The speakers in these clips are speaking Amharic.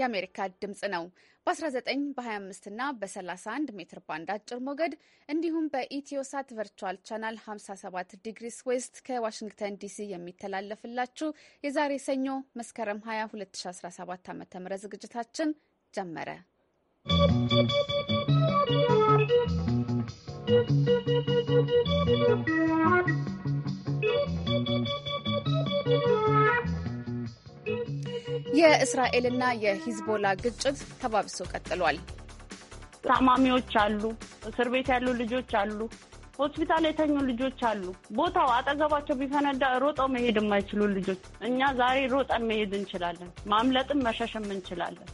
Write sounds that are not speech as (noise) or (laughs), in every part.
የአሜሪካ ድምፅ ነው። በ19 በ25 እና በ31 ሜትር ባንድ አጭር ሞገድ እንዲሁም በኢትዮሳት ቨርቹዋል ቻናል 57 ዲግሪስ ዌስት ከዋሽንግተን ዲሲ የሚተላለፍላችሁ የዛሬ ሰኞ መስከረም 20 2017 ዓ ም ዝግጅታችን ጀመረ። ¶¶ የእስራኤልና የሂዝቦላ ግጭት ተባብሶ ቀጥሏል። ታማሚዎች አሉ፣ እስር ቤት ያሉ ልጆች አሉ፣ ሆስፒታል የተኙ ልጆች አሉ። ቦታው አጠገባቸው ቢፈነዳ ሮጠው መሄድ የማይችሉ ልጆች። እኛ ዛሬ ሮጠን መሄድ እንችላለን፣ ማምለጥም መሸሽም እንችላለን።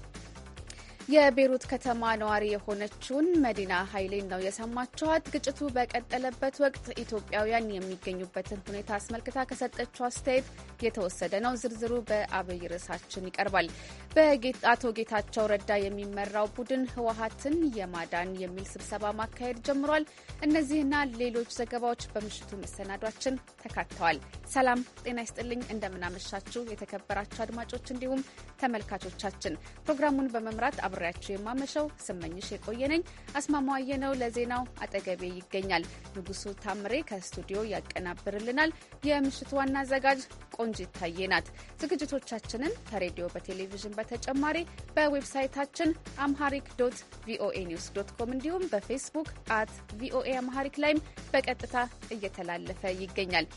የቤሩት ከተማ ነዋሪ የሆነችውን መዲና ኃይሌን ነው የሰማችኋት። ግጭቱ በቀጠለበት ወቅት ኢትዮጵያውያን የሚገኙበትን ሁኔታ አስመልክታ ከሰጠችው አስተያየት የተወሰደ ነው። ዝርዝሩ በአብይ ርዕሳችን ይቀርባል። በአቶ ጌታቸው ረዳ የሚመራው ቡድን ህወሀትን የማዳን የሚል ስብሰባ ማካሄድ ጀምሯል። እነዚህና ሌሎች ዘገባዎች በምሽቱ መሰናዷችን ተካተዋል። ሰላም ጤና ይስጥልኝ። እንደምናመሻችሁ የተከበራችሁ አድማጮች እንዲሁም ተመልካቾቻችን ፕሮግራሙን በመምራት አብሬያችሁ የማመሸው ስመኝሽ የቆየነኝ አስማማዬ ነው። ለዜናው አጠገቤ ይገኛል ንጉሱ ታምሬ ከስቱዲዮ ያቀናብርልናል። የምሽቱ ዋና አዘጋጅ ቆንጅ ይታየናት። ናት። ዝግጅቶቻችንን ከሬዲዮ በቴሌቪዥን በተጨማሪ በዌብሳይታችን አምሃሪክ ዶት ቪኦኤ ኒውስ ዶት ኮም እንዲሁም በፌስቡክ አት ቪኦኤ አምሃሪክ ላይም በቀጥታ እየተላለፈ ይገኛል።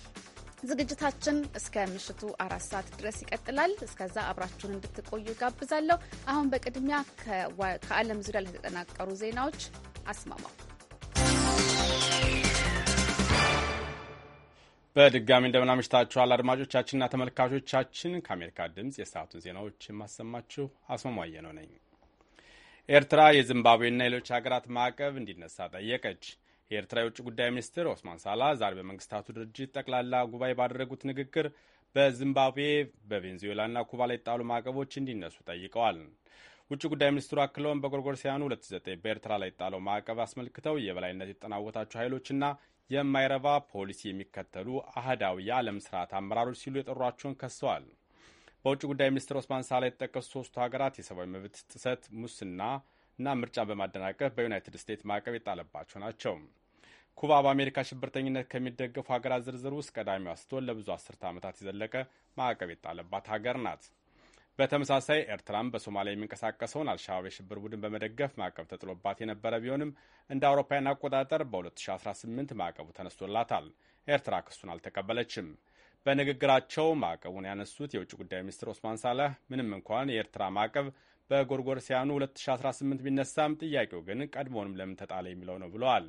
ዝግጅታችን እስከ ምሽቱ አራት ሰዓት ድረስ ይቀጥላል። እስከዛ አብራችሁን እንድትቆዩ ጋብዛለሁ። አሁን በቅድሚያ ከዓለም ዙሪያ ለተጠናቀሩ ዜናዎች አስማማው በድጋሚ እንደምናምሽታችኋል አድማጮቻችንና ተመልካቾቻችን። ከአሜሪካ ድምፅ የሰዓቱን ዜናዎች የማሰማችሁ አስማማየ ነው ነኝ። ኤርትራ የዚምባብዌና ሌሎች ሀገራት ማዕቀብ እንዲነሳ ጠየቀች። የኤርትራ የውጭ ጉዳይ ሚኒስትር ኦስማን ሳላ ዛሬ በመንግስታቱ ድርጅት ጠቅላላ ጉባኤ ባደረጉት ንግግር በዚምባብዌ በቬንዙዌላና ኩባ ላይ የጣሉ ማዕቀቦች እንዲነሱ ጠይቀዋል። ውጭ ጉዳይ ሚኒስትሩ አክለውን በጎርጎሮሳውያኑ 2009 በኤርትራ ላይ የጣለው ማዕቀብ አስመልክተው የበላይነት የተጠናወታቸው ኃይሎችና የማይረባ ፖሊሲ የሚከተሉ አህዳዊ የዓለም ስርዓት አመራሮች ሲሉ የጠሯቸውን ከሰዋል። በውጭ ጉዳይ ሚኒስትር ኦስማን ሳላ የተጠቀሱ ሶስቱ ሀገራት የሰብአዊ መብት ጥሰት፣ ሙስና እና ምርጫን በማደናቀፍ በዩናይትድ ስቴትስ ማዕቀብ የጣለባቸው ናቸው። ኩባ በአሜሪካ ሽብርተኝነት ከሚደገፉ ሀገራት ዝርዝር ውስጥ ቀዳሚዋ ስትሆን ለብዙ አስርተ ዓመታት የዘለቀ ማዕቀብ የጣለባት ሀገር ናት። በተመሳሳይ ኤርትራም በሶማሊያ የሚንቀሳቀሰውን አልሻባብ የሽብር ቡድን በመደገፍ ማዕቀብ ተጥሎባት የነበረ ቢሆንም እንደ አውሮፓውያን አቆጣጠር በ2018 ማዕቀቡ ተነስቶላታል። ኤርትራ ክሱን አልተቀበለችም። በንግግራቸው ማዕቀቡን ያነሱት የውጭ ጉዳይ ሚኒስትር ኦስማን ሳለህ ምንም እንኳን የኤርትራ ማዕቀብ በጎርጎርሲያኑ 2018 ቢነሳም ጥያቄው ግን ቀድሞውንም ለምን ተጣለ የሚለው ነው ብለዋል።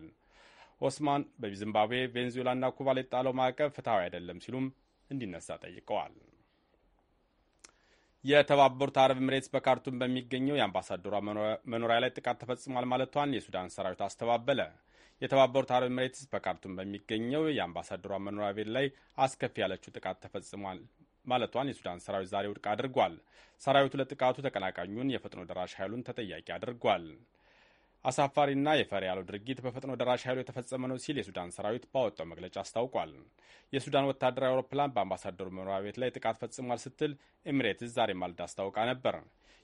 ኦስማን በዚምባብዌ ቬንዙዌላና ኩባ ላይ የጣለው ማዕቀብ ፍትሐዊ አይደለም ሲሉም እንዲነሳ ጠይቀዋል። የተባበሩት አረብ ኤምሬትስ በካርቱም በሚገኘው የአምባሳደሯ መኖሪያ ላይ ጥቃት ተፈጽሟል ማለቷን የሱዳን ሰራዊት አስተባበለ። የተባበሩት አረብ ኤምሬትስ በካርቱም በሚገኘው የአምባሳደሯ መኖሪያ ቤት ላይ አስከፊ ያለችው ጥቃት ተፈጽሟል ማለቷን የሱዳን ሰራዊት ዛሬ ውድቅ አድርጓል። ሰራዊቱ ለጥቃቱ ተቀናቃኙን የፈጥኖ ደራሽ ኃይሉን ተጠያቂ አድርጓል። አሳፋሪና የፈሪ ያለው ድርጊት በፈጥኖ ደራሽ ኃይሉ የተፈጸመ ነው ሲል የሱዳን ሰራዊት ባወጣው መግለጫ አስታውቋል። የሱዳን ወታደራዊ አውሮፕላን በአምባሳደሩ መኖሪያ ቤት ላይ ጥቃት ፈጽሟል ስትል ኤምሬትስ ዛሬ ማልዳ አስታውቃ ነበር።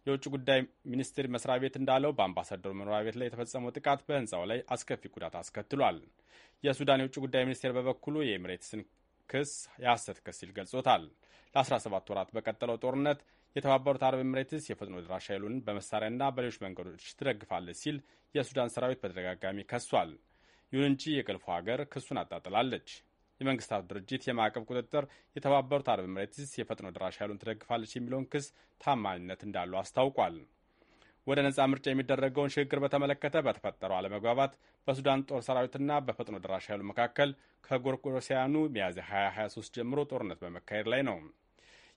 የውጭ ጉዳይ ሚኒስቴር መስሪያ ቤት እንዳለው በአምባሳደሩ መኖሪያ ቤት ላይ የተፈጸመው ጥቃት በህንፃው ላይ አስከፊ ጉዳት አስከትሏል። የሱዳን የውጭ ጉዳይ ሚኒስቴር በበኩሉ የኤምሬትስን ክስ የሐሰት ክስ ሲል ገልጾታል። ለ17 ወራት በቀጠለው ጦርነት የተባበሩት አረብ ኤምሬትስ የፈጥኖ ድራሽ ኃይሉን በመሳሪያና በሌሎች መንገዶች ትደግፋለች ሲል የሱዳን ሰራዊት በተደጋጋሚ ከሷል። ይሁን እንጂ የገልፎ ሀገር ክሱን አጣጥላለች። የመንግስታቱ ድርጅት የማዕቀብ ቁጥጥር የተባበሩት አረብ ኤምሬትስ የፈጥኖ ድራሻ ኃይሉን ትደግፋለች የሚለውን ክስ ታማኝነት እንዳለው አስታውቋል። ወደ ነጻ ምርጫ የሚደረገውን ሽግግር በተመለከተ በተፈጠረው አለመግባባት በሱዳን ጦር ሰራዊትና በፈጥኖ ደራሽ ኃይሉ መካከል ከጎርጎሮሲያኑ ሚያዝያ 2023 ጀምሮ ጦርነት በመካሄድ ላይ ነው።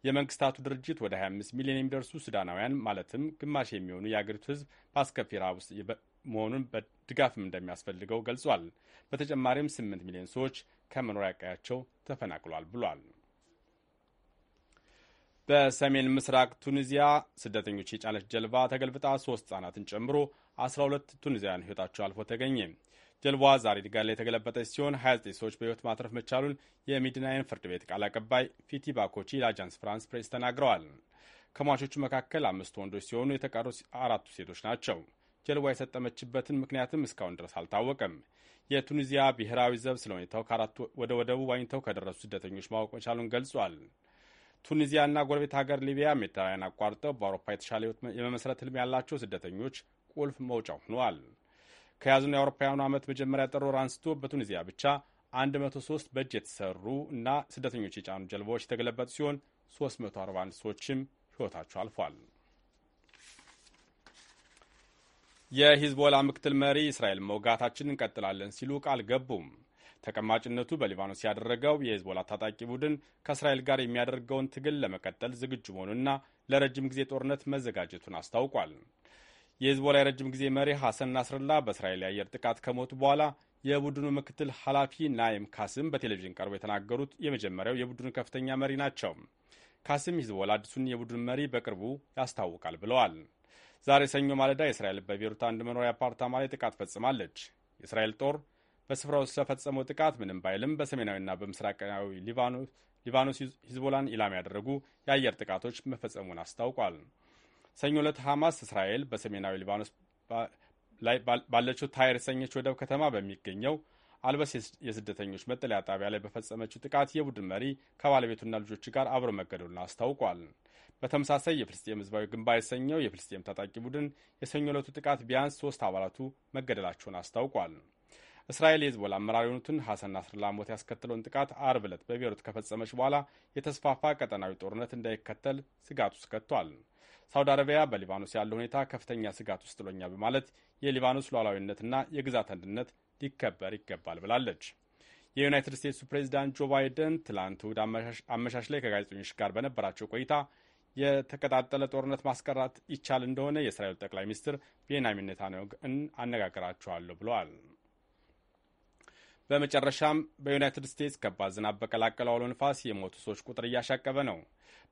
የመንግስታቱ ድርጅት ወደ 25 ሚሊዮን የሚደርሱ ሱዳናውያን ማለትም ግማሽ የሚሆኑ የአገሪቱ ህዝብ በአስከፊ ረሃብ ውስጥ መሆኑን ድጋፍም እንደሚያስፈልገው ገልጿል። በተጨማሪም 8 ሚሊዮን ሰዎች ከመኖሪያ ቀያቸው ተፈናቅሏል ብሏል። በሰሜን ምስራቅ ቱኒዚያ ስደተኞች የጫነች ጀልባ ተገልብጣ ሶስት ህጻናትን ጨምሮ 12 ቱኒዚያውያን ህይወታቸው አልፎ ተገኘ። ጀልባዋ ዛሬ ድንጋይ ላይ የተገለበጠች ሲሆን 29 ሰዎች በሕይወት ማትረፍ መቻሉን የሚድናይን ፍርድ ቤት ቃል አቀባይ ፊቲ ባኮቺ ለአጃንስ ፍራንስ ፕሬስ ተናግረዋል። ከሟቾቹ መካከል አምስቱ ወንዶች ሲሆኑ የተቀሩት አራቱ ሴቶች ናቸው። ጀልባ የሰጠመችበትን ምክንያትም እስካሁን ድረስ አልታወቀም። የቱኒዚያ ብሔራዊ ዘብ ስለ ሁኔታው ከአራቱ ወደ ወደቡ ዋኝተው ከደረሱ ስደተኞች ማወቅ መቻሉን ገልጿል። ቱኒዚያና ጎረቤት ሀገር ሊቢያ ሜዲተራንያን አቋርጠው በአውሮፓ የተሻለ ህይወት የመመስረት ህልም ያላቸው ስደተኞች ቁልፍ መውጫ ሆነዋል። ከያዝነው የአውሮፓውያኑ ዓመት መጀመሪያ ጥር ወር አንስቶ በቱኒዚያ ብቻ 103 በእጅ የተሰሩ እና ስደተኞች የጫኑ ጀልባዎች የተገለበጡ ሲሆን 341 ሰዎችም ሕይወታቸው አልፏል። የሂዝቦላ ምክትል መሪ እስራኤል መውጋታችን እንቀጥላለን ሲሉ ቃል ገቡም። ተቀማጭነቱ በሊባኖስ ያደረገው የሂዝቦላ ታጣቂ ቡድን ከእስራኤል ጋር የሚያደርገውን ትግል ለመቀጠል ዝግጁ መሆኑንና ለረጅም ጊዜ ጦርነት መዘጋጀቱን አስታውቋል። የህዝቦላ የረጅም ጊዜ መሪ ሐሰን ናስርላ በእስራኤል የአየር ጥቃት ከሞቱ በኋላ የቡድኑ ምክትል ኃላፊ ናይም ካስም በቴሌቪዥን ቀርበው የተናገሩት የመጀመሪያው የቡድኑ ከፍተኛ መሪ ናቸው። ካስም ሂዝቦላ አዲሱን የቡድን መሪ በቅርቡ ያስታውቃል ብለዋል። ዛሬ ሰኞ ማለዳ እስራኤል በቤሩት አንድ መኖሪያ አፓርታማ ላይ ጥቃት ፈጽማለች። የእስራኤል ጦር በስፍራው ስለፈጸመው ጥቃት ምንም ባይልም በሰሜናዊና በምስራቃዊ ሊባኖስ ሂዝቦላን ኢላማ ያደረጉ የአየር ጥቃቶች መፈጸሙን አስታውቋል። ሰኞ ዕለት ሐማስ እስራኤል በሰሜናዊ ሊባኖስ ላይ ባለችው ታይር የተሰኘች ወደብ ከተማ በሚገኘው አልበስ የስደተኞች መጠለያ ጣቢያ ላይ በፈጸመችው ጥቃት የቡድን መሪ ከባለቤቱና ልጆች ጋር አብሮ መገደሉን አስታውቋል። በተመሳሳይ የፍልስጤም ህዝባዊ ግንባር የተሰኘው የፍልስጤም ታጣቂ ቡድን የሰኞ ዕለቱ ጥቃት ቢያንስ ሶስት አባላቱ መገደላቸውን አስታውቋል። እስራኤል የህዝቦላ አመራር የሆኑትን ሐሰን ናስርላ ሞት ያስከትለውን ጥቃት አርብ ዕለት በቤሩት ከፈጸመች በኋላ የተስፋፋ ቀጠናዊ ጦርነት እንዳይከተል ስጋት ውስጥ ከቷል። ሳውዲ አረቢያ በሊባኖስ ያለው ሁኔታ ከፍተኛ ስጋት ውስጥ ጥሎኛል በማለት የሊባኖስ ሉዓላዊነትና የግዛት አንድነት ሊከበር ይገባል ብላለች። የዩናይትድ ስቴትሱ ፕሬዚዳንት ጆ ባይደን ትላንት እሁድ አመሻሽ ላይ ከጋዜጠኞች ጋር በነበራቸው ቆይታ የተቀጣጠለ ጦርነት ማስቀራት ይቻል እንደሆነ የእስራኤል ጠቅላይ ሚኒስትር ቤንያሚን ኔታንያሁን አነጋግራቸዋለሁ ብለዋል። በመጨረሻም በዩናይትድ ስቴትስ ከባድ ዝናብ በቀላቀለው አውሎ ንፋስ የሞቱ ሰዎች ቁጥር እያሻቀበ ነው።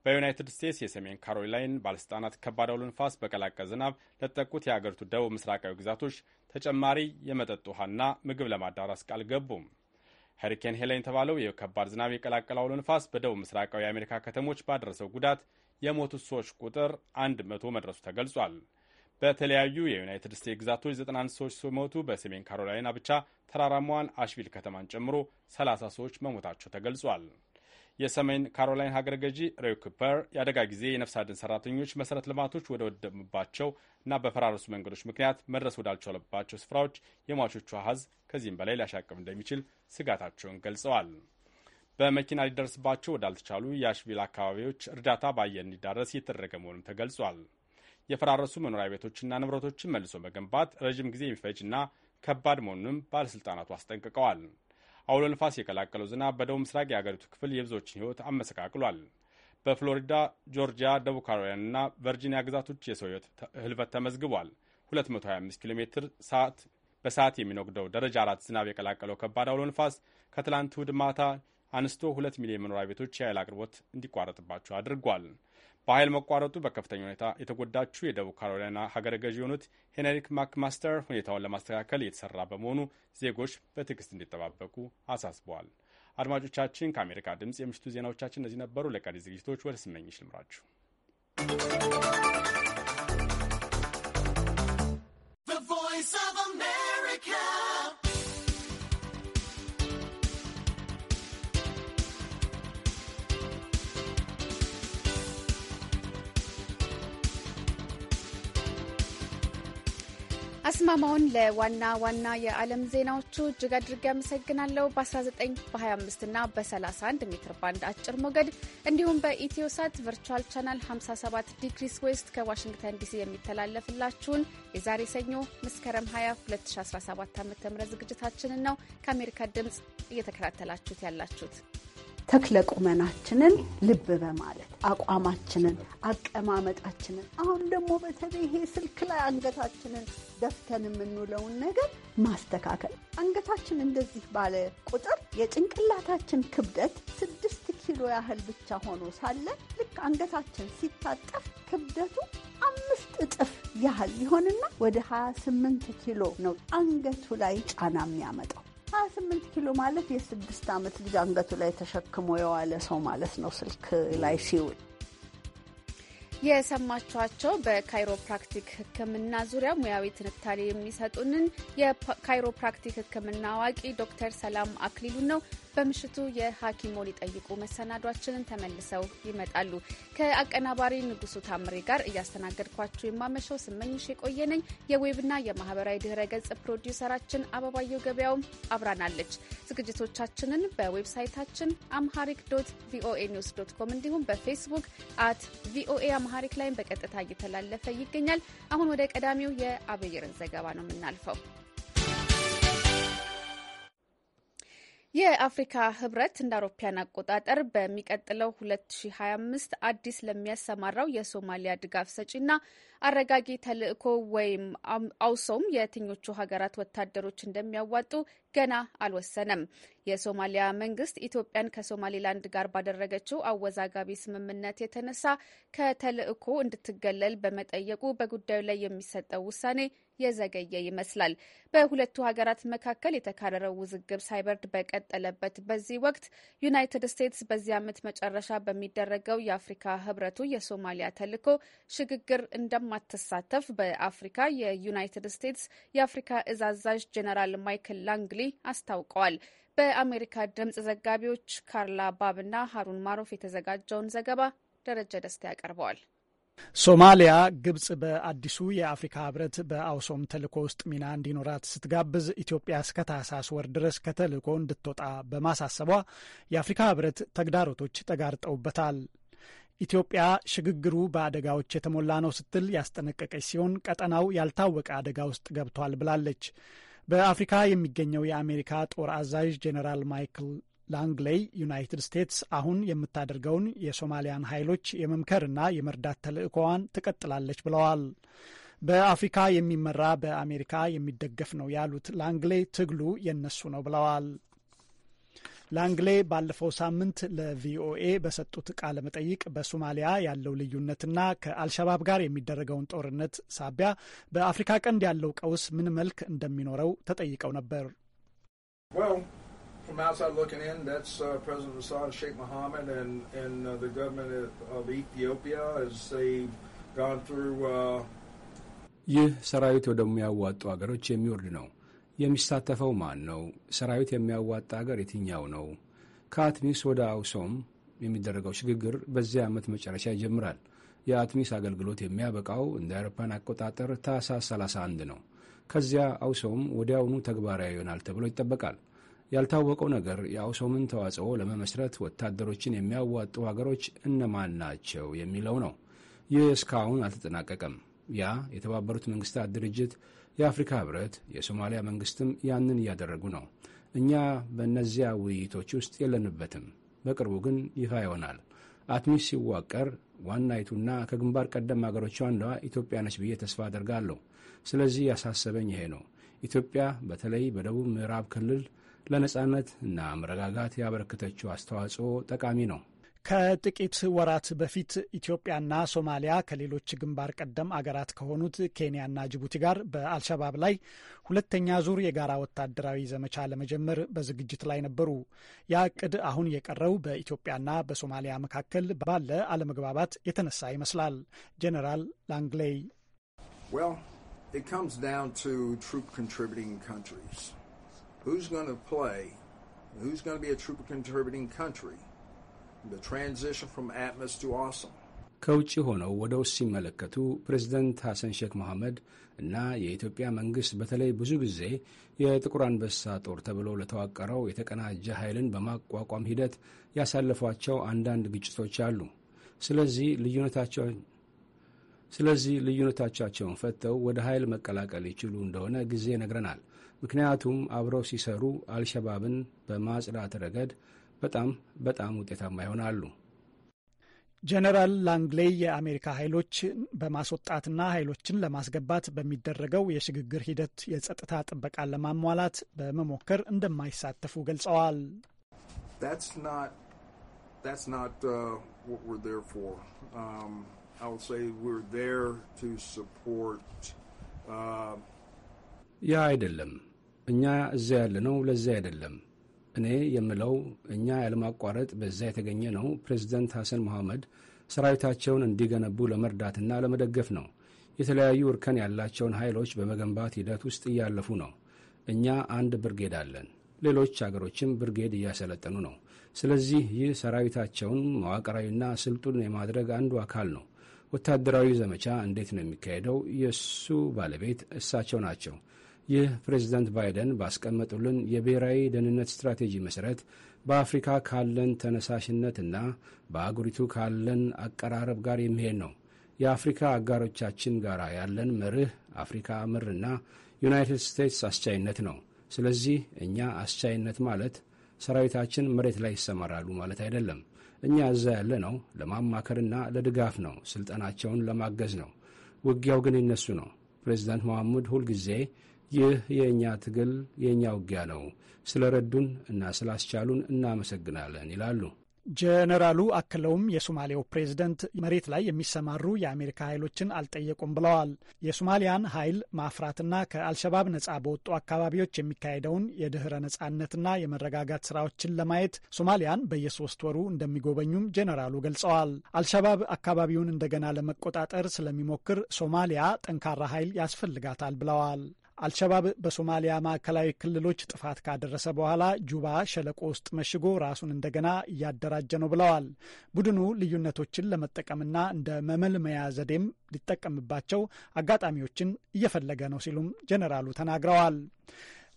በዩናይትድ ስቴትስ የሰሜን ካሮላይን ባለሥልጣናት ከባድ አውሎ ንፋስ በቀላቀለ ዝናብ ለተጠቁት የአገሪቱ ደቡብ ምስራቃዊ ግዛቶች ተጨማሪ የመጠጥ ውሃና ምግብ ለማዳረስ ቃል ገቡ። ሄሪኬን ሄለን የተባለው የከባድ ዝናብ የቀላቀለ አውሎ ንፋስ በደቡብ ምስራቃዊ የአሜሪካ ከተሞች ባደረሰው ጉዳት የሞቱ ሰዎች ቁጥር አንድ መቶ መድረሱ ተገልጿል። በተለያዩ የዩናይትድ ስቴትስ ግዛቶች 91 ሰዎች ሲሞቱ በሰሜን ካሮላይና ብቻ ተራራማዋን አሽቪል ከተማን ጨምሮ 30 ሰዎች መሞታቸው ተገልጿል። የሰሜን ካሮላይን ሀገር ገዢ ሬይ ኩፐር የአደጋ ጊዜ የነፍስ አድን ሰራተኞች መሰረት ልማቶች ወደ ወደሙባቸው እና በፈራረሱ መንገዶች ምክንያት መድረስ ወዳልቻለባቸው ስፍራዎች የሟቾቹ አሀዝ ከዚህም በላይ ሊያሻቅብ እንደሚችል ስጋታቸውን ገልጸዋል። በመኪና ሊደርስባቸው ወዳልተቻሉ የአሽቪል አካባቢዎች እርዳታ በአየር እንዲዳረስ እየተደረገ መሆኑም ተገልጿል። የፈራረሱ መኖሪያ ቤቶችና ንብረቶችን መልሶ መገንባት ረዥም ጊዜ የሚፈጅና ከባድ መሆኑንም ባለሥልጣናቱ አስጠንቅቀዋል። አውሎ ንፋስ የቀላቀለው ዝናብ በደቡብ ምስራቅ የአገሪቱ ክፍል የብዙዎችን ሕይወት አመሰቃቅሏል። በፍሎሪዳ፣ ጆርጂያ፣ ደቡብ ካሮላይናና ቨርጂኒያ ግዛቶች የሰው ሕይወት ህልፈት ተመዝግቧል። 225 ኪሎ ሜትር ሰዓት በሰዓት የሚነጉደው ደረጃ አራት ዝናብ የቀላቀለው ከባድ አውሎ ንፋስ ከትላንት እሁድ ማታ አንስቶ ሁለት ሚሊዮን መኖሪያ ቤቶች የኃይል አቅርቦት እንዲቋረጥባቸው አድርጓል። በኃይል መቋረጡ በከፍተኛ ሁኔታ የተጎዳችው የደቡብ ካሮላይና ሀገረ ገዢ የሆኑት ሄነሪክ ማክማስተር ሁኔታውን ለማስተካከል እየተሰራ በመሆኑ ዜጎች በትዕግስት እንዲጠባበቁ አሳስበዋል። አድማጮቻችን፣ ከአሜሪካ ድምፅ የምሽቱ ዜናዎቻችን እነዚህ ነበሩ። ለቀሪ ዝግጅቶች ወደ ስመኝሽ ልምራችሁ። ማማውን ለዋና ዋና የዓለም ዜናዎቹ እጅግ አድርጌ አመሰግናለሁ። በ19 በ25 እና በ31 ሜትር ባንድ አጭር ሞገድ እንዲሁም በኢትዮሳት ቨርቹዋል ቻናል 57 ዲግሪስ ዌስት ከዋሽንግተን ዲሲ የሚተላለፍላችሁን የዛሬ ሰኞ መስከረም 20 2017 ዓ ም ዝግጅታችንን ነው ከአሜሪካ ድምፅ እየተከታተላችሁት ያላችሁት። ተክለ ቁመናችንን ልብ በማለት አቋማችንን፣ አቀማመጣችንን አሁን ደግሞ በተለይ ይሄ ስልክ ላይ አንገታችንን ደፍተን የምንውለውን ነገር ማስተካከል። አንገታችን እንደዚህ ባለ ቁጥር የጭንቅላታችን ክብደት ስድስት ኪሎ ያህል ብቻ ሆኖ ሳለ ልክ አንገታችን ሲታጠፍ ክብደቱ አምስት እጥፍ ያህል ይሆንና ወደ 28 ኪሎ ነው አንገቱ ላይ ጫና የሚያመጣው። 28 ኪሎ ማለት የስድስት ዓመት ልጅ አንገቱ ላይ ተሸክሞ የዋለ ሰው ማለት ነው ስልክ ላይ ሲውል። የሰማችኋቸው በካይሮፕራክቲክ ሕክምና ዙሪያ ሙያዊ ትንታኔ የሚሰጡንን የካይሮፕራክቲክ ሕክምና አዋቂ ዶክተር ሰላም አክሊሉ ነው። በምሽቱ የሐኪሞን ይጠይቁ መሰናዷችንን ተመልሰው ይመጣሉ። ከአቀናባሪ ንጉሱ ታምሬ ጋር እያስተናገድኳችሁ የማመሸው ስመኝሽ የቆየ ነኝ። የዌብና የማህበራዊ ድህረ ገጽ ፕሮዲውሰራችን አበባየው ገበያውም አብራናለች። ዝግጅቶቻችንን በዌብሳይታችን አምሃሪክ ዶት ቪኦኤ ኒውስ ዶት ኮም እንዲሁም በፌስቡክ አት ቪኦኤ አምሃሪክ ላይም በቀጥታ እየተላለፈ ይገኛል። አሁን ወደ ቀዳሚው የአብይርን ዘገባ ነው የምናልፈው። የአፍሪካ ህብረት እንደ አውሮፓያን አቆጣጠር በሚቀጥለው 2025 አዲስ ለሚያሰማራው የሶማሊያ ድጋፍ ሰጪና አረጋጊ ተልእኮ ወይም አውሶም የትኞቹ ሀገራት ወታደሮች እንደሚያዋጡ ገና አልወሰነም። የሶማሊያ መንግስት ኢትዮጵያን ከሶማሌላንድ ጋር ባደረገችው አወዛጋቢ ስምምነት የተነሳ ከተልዕኮ እንድትገለል በመጠየቁ በጉዳዩ ላይ የሚሰጠው ውሳኔ የዘገየ ይመስላል። በሁለቱ ሀገራት መካከል የተካረረው ውዝግብ ሳይበርድ በቀጠለበት በዚህ ወቅት ዩናይትድ ስቴትስ በዚህ ዓመት መጨረሻ በሚደረገው የአፍሪካ ህብረቱ የሶማሊያ ተልዕኮ ሽግግር እንደማትሳተፍ በአፍሪካ የዩናይትድ ስቴትስ የአፍሪካ እዛዛዥ አዛዥ ማይክል ላንግሊ አስታውቀዋል። በአሜሪካ ድምጽ ዘጋቢዎች ካርላ ባብና ሀሩን ማሮፍ የተዘጋጀውን ዘገባ ደረጀ ደስታ ያቀርበዋል። ሶማሊያ ግብጽ በአዲሱ የአፍሪካ ህብረት በአውሶም ተልእኮ ውስጥ ሚና እንዲኖራት ስትጋብዝ ኢትዮጵያ እስከ ታህሳስ ወር ድረስ ከተልእኮ እንድትወጣ በማሳሰቧ የአፍሪካ ህብረት ተግዳሮቶች ተጋርጠውበታል። ኢትዮጵያ ሽግግሩ በአደጋዎች የተሞላ ነው ስትል ያስጠነቀቀች ሲሆን ቀጠናው ያልታወቀ አደጋ ውስጥ ገብቷል ብላለች። በአፍሪካ የሚገኘው የአሜሪካ ጦር አዛዥ ጄኔራል ማይክል ላንግሌይ ዩናይትድ ስቴትስ አሁን የምታደርገውን የሶማሊያን ኃይሎች የመምከርና የመርዳት ተልእኮዋን ትቀጥላለች ብለዋል። በአፍሪካ የሚመራ በአሜሪካ የሚደገፍ ነው ያሉት ላንግሌይ ትግሉ የነሱ ነው ብለዋል። ላንግሌ ባለፈው ሳምንት ለቪኦኤ በሰጡት ቃለ መጠይቅ በሶማሊያ ያለው ልዩነትና ከአልሸባብ ጋር የሚደረገውን ጦርነት ሳቢያ በአፍሪካ ቀንድ ያለው ቀውስ ምን መልክ እንደሚኖረው ተጠይቀው ነበር። ይህ ሰራዊት ወደሚያዋጡ ሀገሮች የሚወርድ ነው። የሚሳተፈው ማን ነው? ሰራዊት የሚያዋጣ አገር የትኛው ነው? ከአትሚስ ወደ አውሶም የሚደረገው ሽግግር በዚህ ዓመት መጨረሻ ይጀምራል። የአትሚስ አገልግሎት የሚያበቃው እንደ አውሮፓን አቆጣጠር ታህሳስ 31 ነው። ከዚያ አውሶም ወዲያውኑ ተግባራዊ ይሆናል ተብሎ ይጠበቃል። ያልታወቀው ነገር የአውሶምን ተዋጽኦ ለመመስረት ወታደሮችን የሚያዋጡ ሀገሮች እነማን ናቸው የሚለው ነው። ይህ እስካሁን አልተጠናቀቀም። ያ የተባበሩት መንግስታት ድርጅት የአፍሪካ ህብረት፣ የሶማሊያ መንግስትም ያንን እያደረጉ ነው። እኛ በእነዚያ ውይይቶች ውስጥ የለንበትም። በቅርቡ ግን ይፋ ይሆናል። አትሚስ ሲዋቀር ዋናይቱና ከግንባር ቀደም አገሮች አንዷ ኢትዮጵያ ነች ብዬ ተስፋ አደርጋለሁ። ስለዚህ ያሳሰበኝ ይሄ ነው። ኢትዮጵያ በተለይ በደቡብ ምዕራብ ክልል ለነጻነት እና መረጋጋት ያበረከተችው አስተዋጽኦ ጠቃሚ ነው። ከጥቂት ወራት በፊት ኢትዮጵያና ሶማሊያ ከሌሎች ግንባር ቀደም አገራት ከሆኑት ኬንያና ጅቡቲ ጋር በአልሸባብ ላይ ሁለተኛ ዙር የጋራ ወታደራዊ ዘመቻ ለመጀመር በዝግጅት ላይ ነበሩ። ያ እቅድ አሁን የቀረው በኢትዮጵያና በሶማሊያ መካከል ባለ አለመግባባት የተነሳ ይመስላል። ጄኔራል ላንግሌይ It comes Who's going to play? Who's going to be a troop contributing country? ከውጭ ሆነው ወደ ውስጥ ሲመለከቱ ፕሬዚደንት ሐሰን ሼክ መሐመድ እና የኢትዮጵያ መንግሥት በተለይ ብዙ ጊዜ የጥቁር አንበሳ ጦር ተብሎ ለተዋቀረው የተቀናጀ ኃይልን በማቋቋም ሂደት ያሳለፏቸው አንዳንድ ግጭቶች አሉ። ስለዚህ ልዩነታቸውን ስለዚህ ልዩነቶቻቸውን ፈተው ወደ ኃይል መቀላቀል ይችሉ እንደሆነ ጊዜ ነግረናል። ምክንያቱም አብረው ሲሰሩ አልሸባብን በማጽዳት ረገድ በጣም በጣም ውጤታማ ይሆናሉ። ጀነራል ላንግሌይ የአሜሪካ ኃይሎች በማስወጣትና ኃይሎችን ለማስገባት በሚደረገው የሽግግር ሂደት የጸጥታ ጥበቃን ለማሟላት በመሞከር እንደማይሳተፉ ገልጸዋል። uh, um, uh, ያ አይደለም። እኛ እዚያ ያለነው ለዚያ አይደለም። እኔ የምለው እኛ ያለማቋረጥ በዛ የተገኘ ነው ፕሬዚደንት ሐሰን መሐመድ ሰራዊታቸውን እንዲገነቡ ለመርዳትና ለመደገፍ ነው። የተለያዩ እርከን ያላቸውን ኃይሎች በመገንባት ሂደት ውስጥ እያለፉ ነው። እኛ አንድ ብርጌድ አለን። ሌሎች አገሮችም ብርጌድ እያሰለጠኑ ነው። ስለዚህ ይህ ሰራዊታቸውን መዋቅራዊና ስልጡን የማድረግ አንዱ አካል ነው። ወታደራዊ ዘመቻ እንዴት ነው የሚካሄደው? የእሱ ባለቤት እሳቸው ናቸው። ይህ ፕሬዚዳንት ባይደን ባስቀመጡልን የብሔራዊ ደህንነት ስትራቴጂ መሠረት በአፍሪካ ካለን ተነሳሽነትና በአገሪቱ ካለን አቀራረብ ጋር የሚሄድ ነው። የአፍሪካ አጋሮቻችን ጋር ያለን መርህ አፍሪካ ምርና ዩናይትድ ስቴትስ አስቻይነት ነው። ስለዚህ እኛ አስቻይነት ማለት ሰራዊታችን መሬት ላይ ይሰማራሉ ማለት አይደለም። እኛ እዛ ያለ ነው ለማማከርና ለድጋፍ ነው፣ ስልጠናቸውን ለማገዝ ነው። ውጊያው ግን የነሱ ነው። ፕሬዚዳንት መሐሙድ ሁልጊዜ ይህ የእኛ ትግል የእኛ ውጊያ ነው። ስለረዱን እና ስላስቻሉን እናመሰግናለን ይላሉ። ጀነራሉ አክለውም የሶማሌው ፕሬዝደንት መሬት ላይ የሚሰማሩ የአሜሪካ ኃይሎችን አልጠየቁም ብለዋል። የሶማሊያን ኃይል ማፍራትና ከአልሸባብ ነጻ በወጡ አካባቢዎች የሚካሄደውን የድህረ ነጻነትና የመረጋጋት ስራዎችን ለማየት ሶማሊያን በየሶስት ወሩ እንደሚጎበኙም ጀነራሉ ገልጸዋል። አልሸባብ አካባቢውን እንደገና ለመቆጣጠር ስለሚሞክር ሶማሊያ ጠንካራ ኃይል ያስፈልጋታል ብለዋል። አልሸባብ በሶማሊያ ማዕከላዊ ክልሎች ጥፋት ካደረሰ በኋላ ጁባ ሸለቆ ውስጥ መሽጎ ራሱን እንደገና እያደራጀ ነው ብለዋል። ቡድኑ ልዩነቶችን ለመጠቀምና እንደ መመልመያ ዘዴም ሊጠቀምባቸው አጋጣሚዎችን እየፈለገ ነው ሲሉም ጀኔራሉ ተናግረዋል።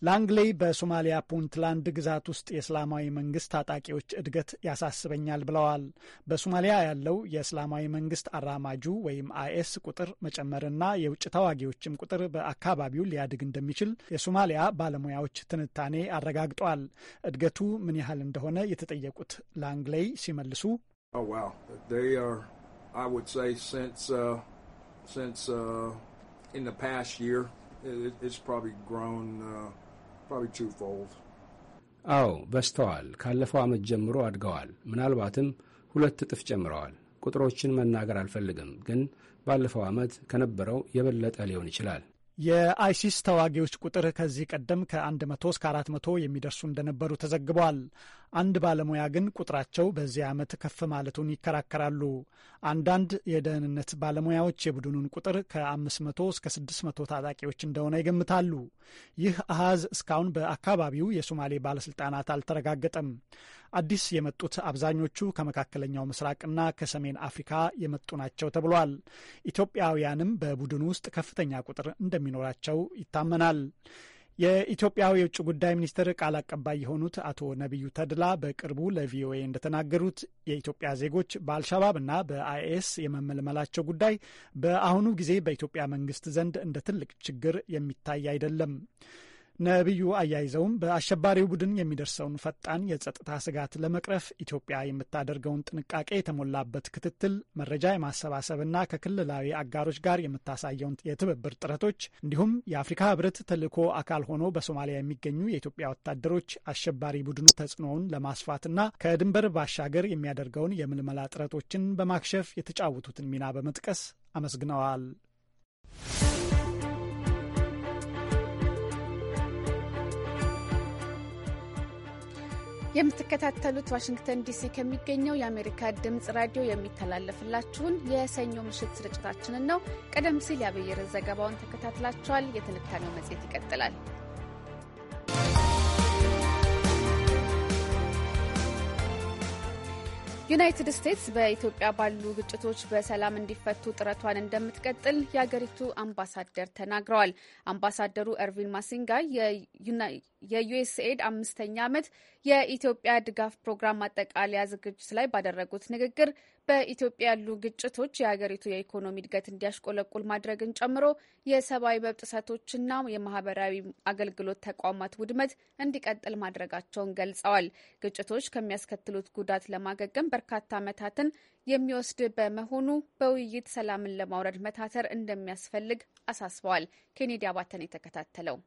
ላንግሌይ በሶማሊያ ፑንትላንድ ግዛት ውስጥ የእስላማዊ መንግስት ታጣቂዎች እድገት ያሳስበኛል ብለዋል። በሶማሊያ ያለው የእስላማዊ መንግስት አራማጁ ወይም አይኤስ ቁጥር መጨመርና የውጭ ተዋጊዎችም ቁጥር በአካባቢው ሊያድግ እንደሚችል የሶማሊያ ባለሙያዎች ትንታኔ አረጋግጧል። እድገቱ ምን ያህል እንደሆነ የተጠየቁት ላንግሌይ ሲመልሱ oh, uh, uh, in the past year, it, it's probably grown uh, አዎ በስተዋል። ካለፈው ዓመት ጀምሮ አድገዋል። ምናልባትም ሁለት እጥፍ ጨምረዋል። ቁጥሮችን መናገር አልፈልግም፣ ግን ባለፈው ዓመት ከነበረው የበለጠ ሊሆን ይችላል። የአይሲስ ተዋጊዎች ቁጥር ከዚህ ቀደም ከ100 እስከ 400 የሚደርሱ እንደነበሩ ተዘግበዋል። አንድ ባለሙያ ግን ቁጥራቸው በዚህ ዓመት ከፍ ማለቱን ይከራከራሉ። አንዳንድ የደህንነት ባለሙያዎች የቡድኑን ቁጥር ከ500 እስከ 600 ታጣቂዎች እንደሆነ ይገምታሉ። ይህ አሃዝ እስካሁን በአካባቢው የሶማሌ ባለስልጣናት አልተረጋገጠም። አዲስ የመጡት አብዛኞቹ ከመካከለኛው ምስራቅና ከሰሜን አፍሪካ የመጡ ናቸው ተብሏል። ኢትዮጵያውያንም በቡድኑ ውስጥ ከፍተኛ ቁጥር እንደሚኖራቸው ይታመናል። የኢትዮጵያ የውጭ ጉዳይ ሚኒስትር ቃል አቀባይ የሆኑት አቶ ነቢዩ ተድላ በቅርቡ ለቪኦኤ እንደተናገሩት የኢትዮጵያ ዜጎች እና በአይኤስ የመመልመላቸው ጉዳይ በአሁኑ ጊዜ በኢትዮጵያ መንግስት ዘንድ እንደ ትልቅ ችግር የሚታይ አይደለም። ነቢዩ አያይዘውም በአሸባሪው ቡድን የሚደርሰውን ፈጣን የጸጥታ ስጋት ለመቅረፍ ኢትዮጵያ የምታደርገውን ጥንቃቄ የተሞላበት ክትትል፣ መረጃ የማሰባሰብና ከክልላዊ አጋሮች ጋር የምታሳየውን የትብብር ጥረቶች እንዲሁም የአፍሪካ ሕብረት ተልዕኮ አካል ሆኖ በሶማሊያ የሚገኙ የኢትዮጵያ ወታደሮች አሸባሪ ቡድኑ ተጽዕኖውን ለማስፋትና ከድንበር ባሻገር የሚያደርገውን የምልመላ ጥረቶችን በማክሸፍ የተጫወቱትን ሚና በመጥቀስ አመስግነዋል። የምትከታተሉት ዋሽንግተን ዲሲ ከሚገኘው የአሜሪካ ድምፅ ራዲዮ የሚተላለፍላችሁን የሰኞ ምሽት ስርጭታችንን ነው። ቀደም ሲል ያበየረ ዘገባውን ተከታትላችኋል። የትንታኔው መጽሔት ይቀጥላል። ዩናይትድ ስቴትስ በኢትዮጵያ ባሉ ግጭቶች በሰላም እንዲፈቱ ጥረቷን እንደምትቀጥል የአገሪቱ አምባሳደር ተናግረዋል። አምባሳደሩ እርቪን ማሲንጋ የዩኤስኤድ አምስተኛ ዓመት የኢትዮጵያ ድጋፍ ፕሮግራም ማጠቃለያ ዝግጅት ላይ ባደረጉት ንግግር በኢትዮጵያ ያሉ ግጭቶች የሀገሪቱ የኢኮኖሚ እድገት እንዲያሽቆለቁል ማድረግን ጨምሮ የሰብአዊ መብት ጥሰቶችና የማህበራዊ አገልግሎት ተቋማት ውድመት እንዲቀጥል ማድረጋቸውን ገልጸዋል። ግጭቶች ከሚያስከትሉት ጉዳት ለማገገም በርካታ ዓመታትን የሚወስድ በመሆኑ በውይይት ሰላምን ለማውረድ መታተር እንደሚያስፈልግ አሳስበዋል። ኬኔዲ አባተን የተከታተለው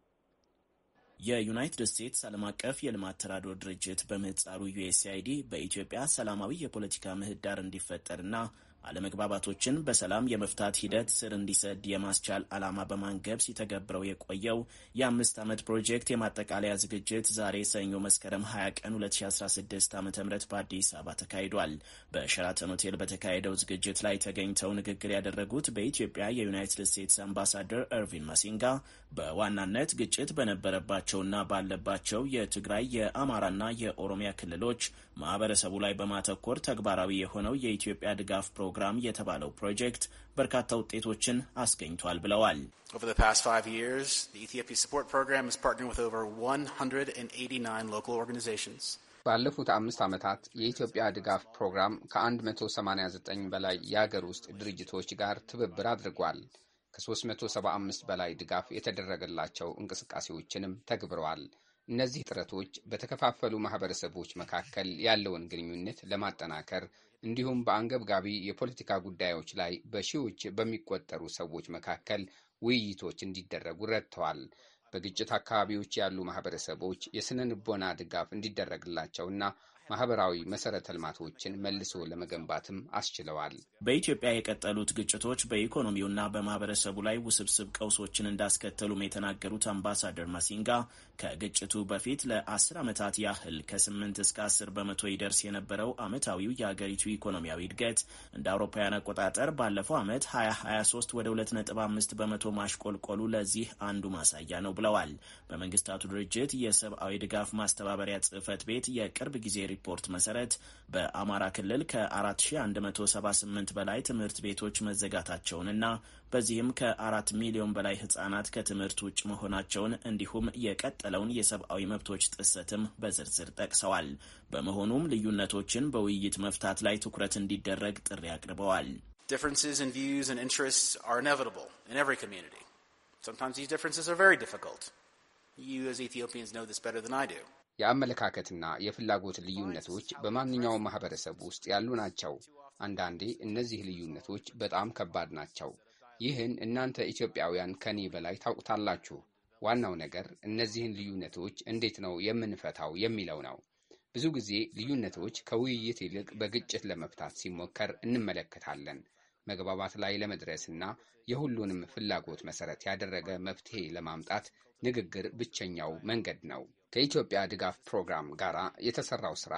የዩናይትድ ስቴትስ ዓለም አቀፍ የልማት ተራድኦ ድርጅት በምህፃሩ ዩኤስአይዲ በኢትዮጵያ ሰላማዊ የፖለቲካ ምህዳር እንዲፈጠርና አለመግባባቶችን በሰላም የመፍታት ሂደት ስር እንዲሰድ የማስቻል ዓላማ በማንገብ ሲተገብረው የቆየው የአምስት ዓመት ፕሮጀክት የማጠቃለያ ዝግጅት ዛሬ ሰኞ መስከረም 20 ቀን 2016 ዓ ም በአዲስ አበባ ተካሂዷል። በሸራተን ሆቴል በተካሄደው ዝግጅት ላይ ተገኝተው ንግግር ያደረጉት በኢትዮጵያ የዩናይትድ ስቴትስ አምባሳደር እርቪን ማሲንጋ በዋናነት ግጭት በነበረባቸውና ባለባቸው የትግራይ የአማራና የኦሮሚያ ክልሎች ማህበረሰቡ ላይ በማተኮር ተግባራዊ የሆነው የኢትዮጵያ ድጋፍ ፕሮግራም የተባለው ፕሮጀክት በርካታ ውጤቶችን አስገኝቷል ብለዋል። e ባለፉት አምስት ዓመታት የኢትዮጵያ ድጋፍ ፕሮግራም ከ189 በላይ የአገር ውስጥ ድርጅቶች ጋር ትብብር አድርጓል። ከ375 በላይ ድጋፍ የተደረገላቸው እንቅስቃሴዎችንም ተግብረዋል። እነዚህ ጥረቶች በተከፋፈሉ ማህበረሰቦች መካከል ያለውን ግንኙነት ለማጠናከር እንዲሁም በአንገብጋቢ የፖለቲካ ጉዳዮች ላይ በሺዎች በሚቆጠሩ ሰዎች መካከል ውይይቶች እንዲደረጉ ረድተዋል። በግጭት አካባቢዎች ያሉ ማህበረሰቦች የስነ ልቦና ድጋፍ እንዲደረግላቸውና ማህበራዊ መሰረተ ልማቶችን መልሶ ለመገንባትም አስችለዋል። በኢትዮጵያ የቀጠሉት ግጭቶች በኢኮኖሚውና በማህበረሰቡ ላይ ውስብስብ ቀውሶችን እንዳስከተሉም የተናገሩት አምባሳደር ማሲንጋ ከግጭቱ በፊት ለአስር ዓመታት ያህል ከስምንት እስከ አስር በመቶ ይደርስ የነበረው ዓመታዊው የአገሪቱ ኢኮኖሚያዊ እድገት እንደ አውሮፓውያን አቆጣጠር ባለፈው ዓመት 2023 ወደ 2.5 በመቶ ማሽቆልቆሉ ለዚህ አንዱ ማሳያ ነው ብለዋል። በመንግስታቱ ድርጅት የሰብአዊ ድጋፍ ማስተባበሪያ ጽህፈት ቤት የቅርብ ጊዜ ሪፖርት መሰረት በአማራ ክልል ከ4178 በላይ ትምህርት ቤቶች መዘጋታቸውንና በዚህም ከ4 ሚሊዮን በላይ ህጻናት ከትምህርት ውጭ መሆናቸውን እንዲሁም የቀጠለውን የሰብአዊ መብቶች ጥሰትም በዝርዝር ጠቅሰዋል። በመሆኑም ልዩነቶችን በውይይት መፍታት ላይ ትኩረት እንዲደረግ ጥሪ አቅርበዋል። Differences in views and interests are inevitable in every community. Sometimes these differences are very difficult. You, as Ethiopians, know this better than I do. የአመለካከትና የፍላጎት ልዩነቶች በማንኛውም ማህበረሰብ ውስጥ ያሉ ናቸው። አንዳንዴ እነዚህ ልዩነቶች በጣም ከባድ ናቸው። ይህን እናንተ ኢትዮጵያውያን ከኔ በላይ ታውቁታላችሁ። ዋናው ነገር እነዚህን ልዩነቶች እንዴት ነው የምንፈታው የሚለው ነው። ብዙ ጊዜ ልዩነቶች ከውይይት ይልቅ በግጭት ለመፍታት ሲሞከር እንመለከታለን። መግባባት ላይ ለመድረስና የሁሉንም ፍላጎት መሰረት ያደረገ መፍትሄ ለማምጣት ንግግር ብቸኛው መንገድ ነው። ከኢትዮጵያ ድጋፍ ፕሮግራም ጋር የተሰራው ስራ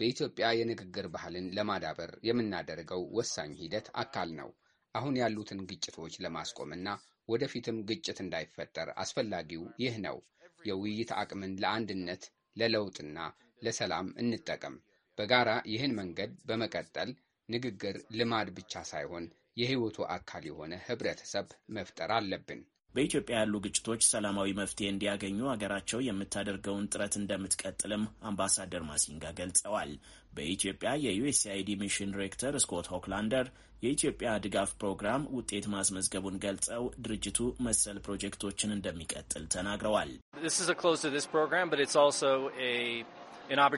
በኢትዮጵያ የንግግር ባህልን ለማዳበር የምናደርገው ወሳኝ ሂደት አካል ነው። አሁን ያሉትን ግጭቶች ለማስቆምና ወደፊትም ግጭት እንዳይፈጠር አስፈላጊው ይህ ነው። የውይይት አቅምን ለአንድነት፣ ለለውጥና ለሰላም እንጠቀም። በጋራ ይህን መንገድ በመቀጠል ንግግር ልማድ ብቻ ሳይሆን የህይወቱ አካል የሆነ ህብረተሰብ መፍጠር አለብን። በኢትዮጵያ ያሉ ግጭቶች ሰላማዊ መፍትሄ እንዲያገኙ አገራቸው የምታደርገውን ጥረት እንደምትቀጥልም አምባሳደር ማሲንጋ ገልጸዋል። በኢትዮጵያ የዩኤስአይዲ ሚሽን ዲሬክተር ስኮት ሆክላንደር የኢትዮጵያ ድጋፍ ፕሮግራም ውጤት ማስመዝገቡን ገልጸው ድርጅቱ መሰል ፕሮጀክቶችን እንደሚቀጥል ተናግረዋል። Uh,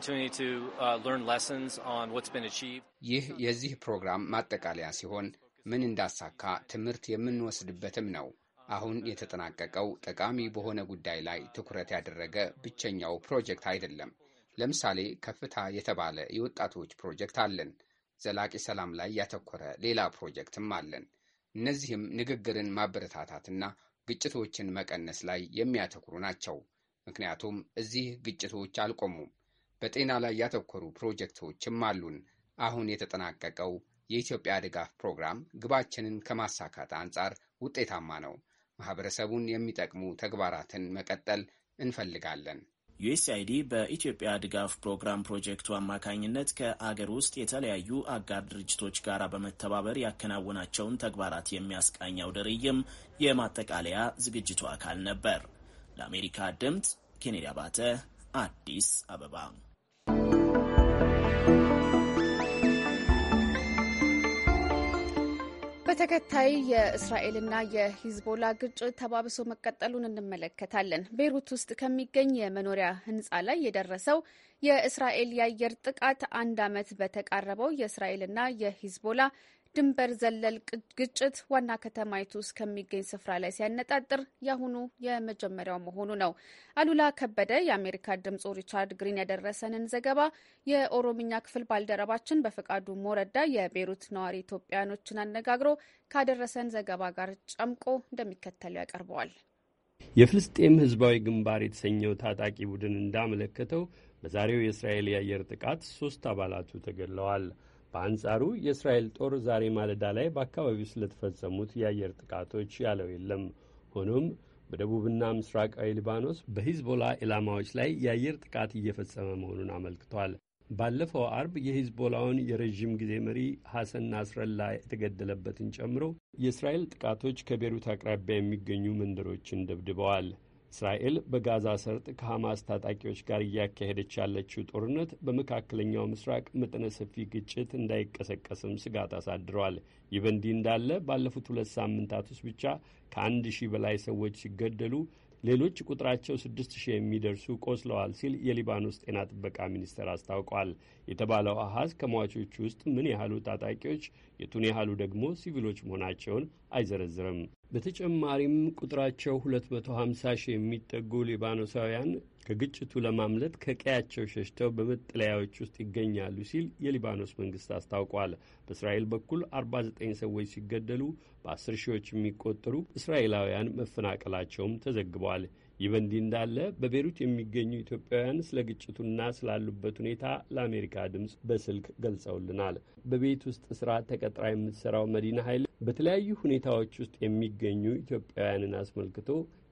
ይህ የዚህ ፕሮግራም ማጠቃለያ ሲሆን ምን እንዳሳካ ትምህርት የምንወስድበትም ነው። አሁን የተጠናቀቀው ጠቃሚ በሆነ ጉዳይ ላይ ትኩረት ያደረገ ብቸኛው ፕሮጀክት አይደለም። ለምሳሌ ከፍታ የተባለ የወጣቶች ፕሮጀክት አለን። ዘላቂ ሰላም ላይ ያተኮረ ሌላ ፕሮጀክትም አለን። እነዚህም ንግግርን ማበረታታትና ግጭቶችን መቀነስ ላይ የሚያተኩሩ ናቸው። ምክንያቱም እዚህ ግጭቶች አልቆሙም። በጤና ላይ ያተኮሩ ፕሮጀክቶችም አሉን። አሁን የተጠናቀቀው የኢትዮጵያ ድጋፍ ፕሮግራም ግባችንን ከማሳካት አንጻር ውጤታማ ነው። ማህበረሰቡን የሚጠቅሙ ተግባራትን መቀጠል እንፈልጋለን። ዩኤስአይዲ በኢትዮጵያ ድጋፍ ፕሮግራም ፕሮጀክቱ አማካኝነት ከአገር ውስጥ የተለያዩ አጋር ድርጅቶች ጋር በመተባበር ያከናወናቸውን ተግባራት የሚያስቃኘው ድርይም የማጠቃለያ ዝግጅቱ አካል ነበር። ለአሜሪካ ድምፅ ኬኔዲ አባተ አዲስ አበባ ተከታይ የእስራኤልና የሂዝቦላ ግጭት ተባብሶ መቀጠሉን እንመለከታለን። ቤይሩት ውስጥ ከሚገኝ የመኖሪያ ህንፃ ላይ የደረሰው የእስራኤል የአየር ጥቃት አንድ ዓመት በተቃረበው የእስራኤልና የሂዝቦላ ድንበር ዘለል ግጭት ዋና ከተማይቱ ውስጥ ከሚገኝ ስፍራ ላይ ሲያነጣጥር ያሁኑ የመጀመሪያው መሆኑ ነው። አሉላ ከበደ የአሜሪካ ድምፁ ሪቻርድ ግሪን ያደረሰንን ዘገባ የኦሮምኛ ክፍል ባልደረባችን በፈቃዱ ሞረዳ የቤሩት ነዋሪ ኢትዮጵያያኖችን አነጋግሮ ካደረሰን ዘገባ ጋር ጨምቆ እንደሚከተለው ያቀርበዋል። የፍልስጤም ህዝባዊ ግንባር የተሰኘው ታጣቂ ቡድን እንዳመለከተው በዛሬው የእስራኤል የአየር ጥቃት ሶስት አባላቱ ተገድለዋል። በአንጻሩ የእስራኤል ጦር ዛሬ ማለዳ ላይ በአካባቢው ስለተፈጸሙት የአየር ጥቃቶች ያለው የለም። ሆኖም በደቡብና ምስራቃዊ ሊባኖስ በሂዝቦላ ኢላማዎች ላይ የአየር ጥቃት እየፈጸመ መሆኑን አመልክቷል። ባለፈው አርብ የሂዝቦላውን የረዥም ጊዜ መሪ ሐሰን ናስረላ የተገደለበትን ጨምሮ የእስራኤል ጥቃቶች ከቤሩት አቅራቢያ የሚገኙ መንደሮችን ደብድበዋል። እስራኤል በጋዛ ሰርጥ ከሐማስ ታጣቂዎች ጋር እያካሄደች ያለችው ጦርነት በመካከለኛው ምስራቅ መጠነ ሰፊ ግጭት እንዳይቀሰቀስም ስጋት አሳድረዋል። ይህ በእንዲህ እንዳለ ባለፉት ሁለት ሳምንታት ውስጥ ብቻ ከአንድ ሺህ በላይ ሰዎች ሲገደሉ ሌሎች ቁጥራቸው ስድስት ሺህ የሚደርሱ ቆስለዋል ሲል የሊባኖስ ጤና ጥበቃ ሚኒስቴር አስታውቋል። የተባለው አሐዝ ከሟቾቹ ውስጥ ምን ያህሉ ታጣቂዎች፣ የቱን ያህሉ ደግሞ ሲቪሎች መሆናቸውን አይዘረዝርም። በተጨማሪም ቁጥራቸው 250 ሺህ የሚጠጉ ሊባኖሳውያን ከግጭቱ ለማምለጥ ከቀያቸው ሸሽተው በመጠለያዎች ውስጥ ይገኛሉ ሲል የሊባኖስ መንግስት አስታውቋል። በእስራኤል በኩል 49 ሰዎች ሲገደሉ በ10 ሺዎች የሚቆጠሩ እስራኤላውያን መፈናቀላቸውም ተዘግበዋል። ይህ በእንዲህ እንዳለ በቤሩት የሚገኙ ኢትዮጵያውያን ስለ ግጭቱና ስላሉበት ሁኔታ ለአሜሪካ ድምፅ በስልክ ገልጸውልናል። በቤት ውስጥ ስራ ተቀጥራ የምትሰራው መዲና ኃይል በተለያዩ ሁኔታዎች ውስጥ የሚገኙ ኢትዮጵያውያንን አስመልክቶ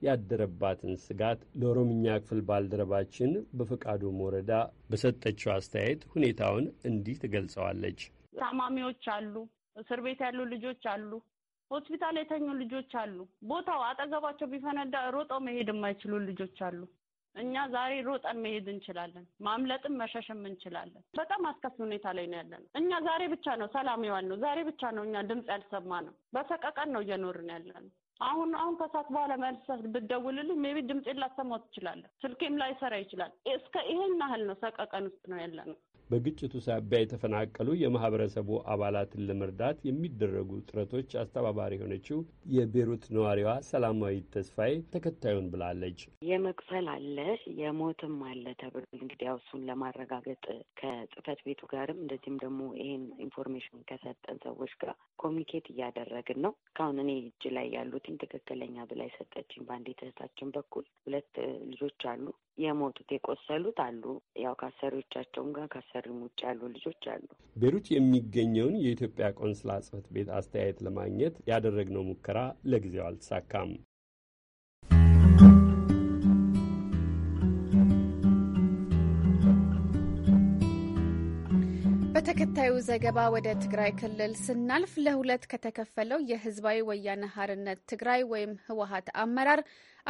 ያደረባትን ስጋት ለኦሮምኛ ክፍል ባልደረባችን በፈቃዱ ወረዳ በሰጠችው አስተያየት ሁኔታውን እንዲህ ትገልጸዋለች። ታማሚዎች አሉ፣ እስር ቤት ያሉ ልጆች አሉ፣ ሆስፒታል የተኙ ልጆች አሉ። ቦታው አጠገባቸው ቢፈነዳ ሮጠው መሄድ የማይችሉ ልጆች አሉ። እኛ ዛሬ ሮጠን መሄድ እንችላለን፣ ማምለጥም መሸሽም እንችላለን። በጣም አስከፊ ሁኔታ ላይ ነው ያለን። እኛ ዛሬ ብቻ ነው ሰላም የዋል ነው። ዛሬ ብቻ ነው እኛ ድምፅ ያልሰማ ነው። በሰቀቀን ነው እየኖርን ያለን። አሁን አሁን ከሰዓት በኋላ መልሰህ ብትደውልልኝ ሜቢ ድምፅ ላሰማው ትችላለህ። ስልኬም ላይሰራ ይችላል። እስከ ይሄን ያህል ነው ሰቀቀን ውስጥ ነው ያለነው። በግጭቱ ሳቢያ የተፈናቀሉ የማህበረሰቡ አባላትን ለመርዳት የሚደረጉ ጥረቶች አስተባባሪ የሆነችው የቤሩት ነዋሪዋ ሰላማዊት ተስፋዬ ተከታዩን ብላለች። የመክፈል አለ የሞትም አለ ተብሎ እንግዲህ ያው እሱን ለማረጋገጥ ከጽህፈት ቤቱ ጋርም እንደዚህም ደግሞ ይሄን ኢንፎርሜሽን ከሰጠን ሰዎች ጋር ኮሚኒኬት እያደረግን ነው። እስካሁን እኔ እጅ ላይ ያሉትን ትክክለኛ ብላ የሰጠችኝ በአንድ እህታችን በኩል ሁለት ልጆች አሉ የሞቱት የቆሰሉት አሉ። ያው ከአሰሪዎቻቸውም ጋር ከአሰሪም ውጭ ያሉ ልጆች አሉ። ቤሩት የሚገኘውን የኢትዮጵያ ቆንስላ ጽህፈት ቤት አስተያየት ለማግኘት ያደረግነው ሙከራ ለጊዜው አልተሳካም። በተከታዩ ዘገባ ወደ ትግራይ ክልል ስናልፍ ለሁለት ከተከፈለው የህዝባዊ ወያነ ሀርነት ትግራይ ወይም ህወሀት አመራር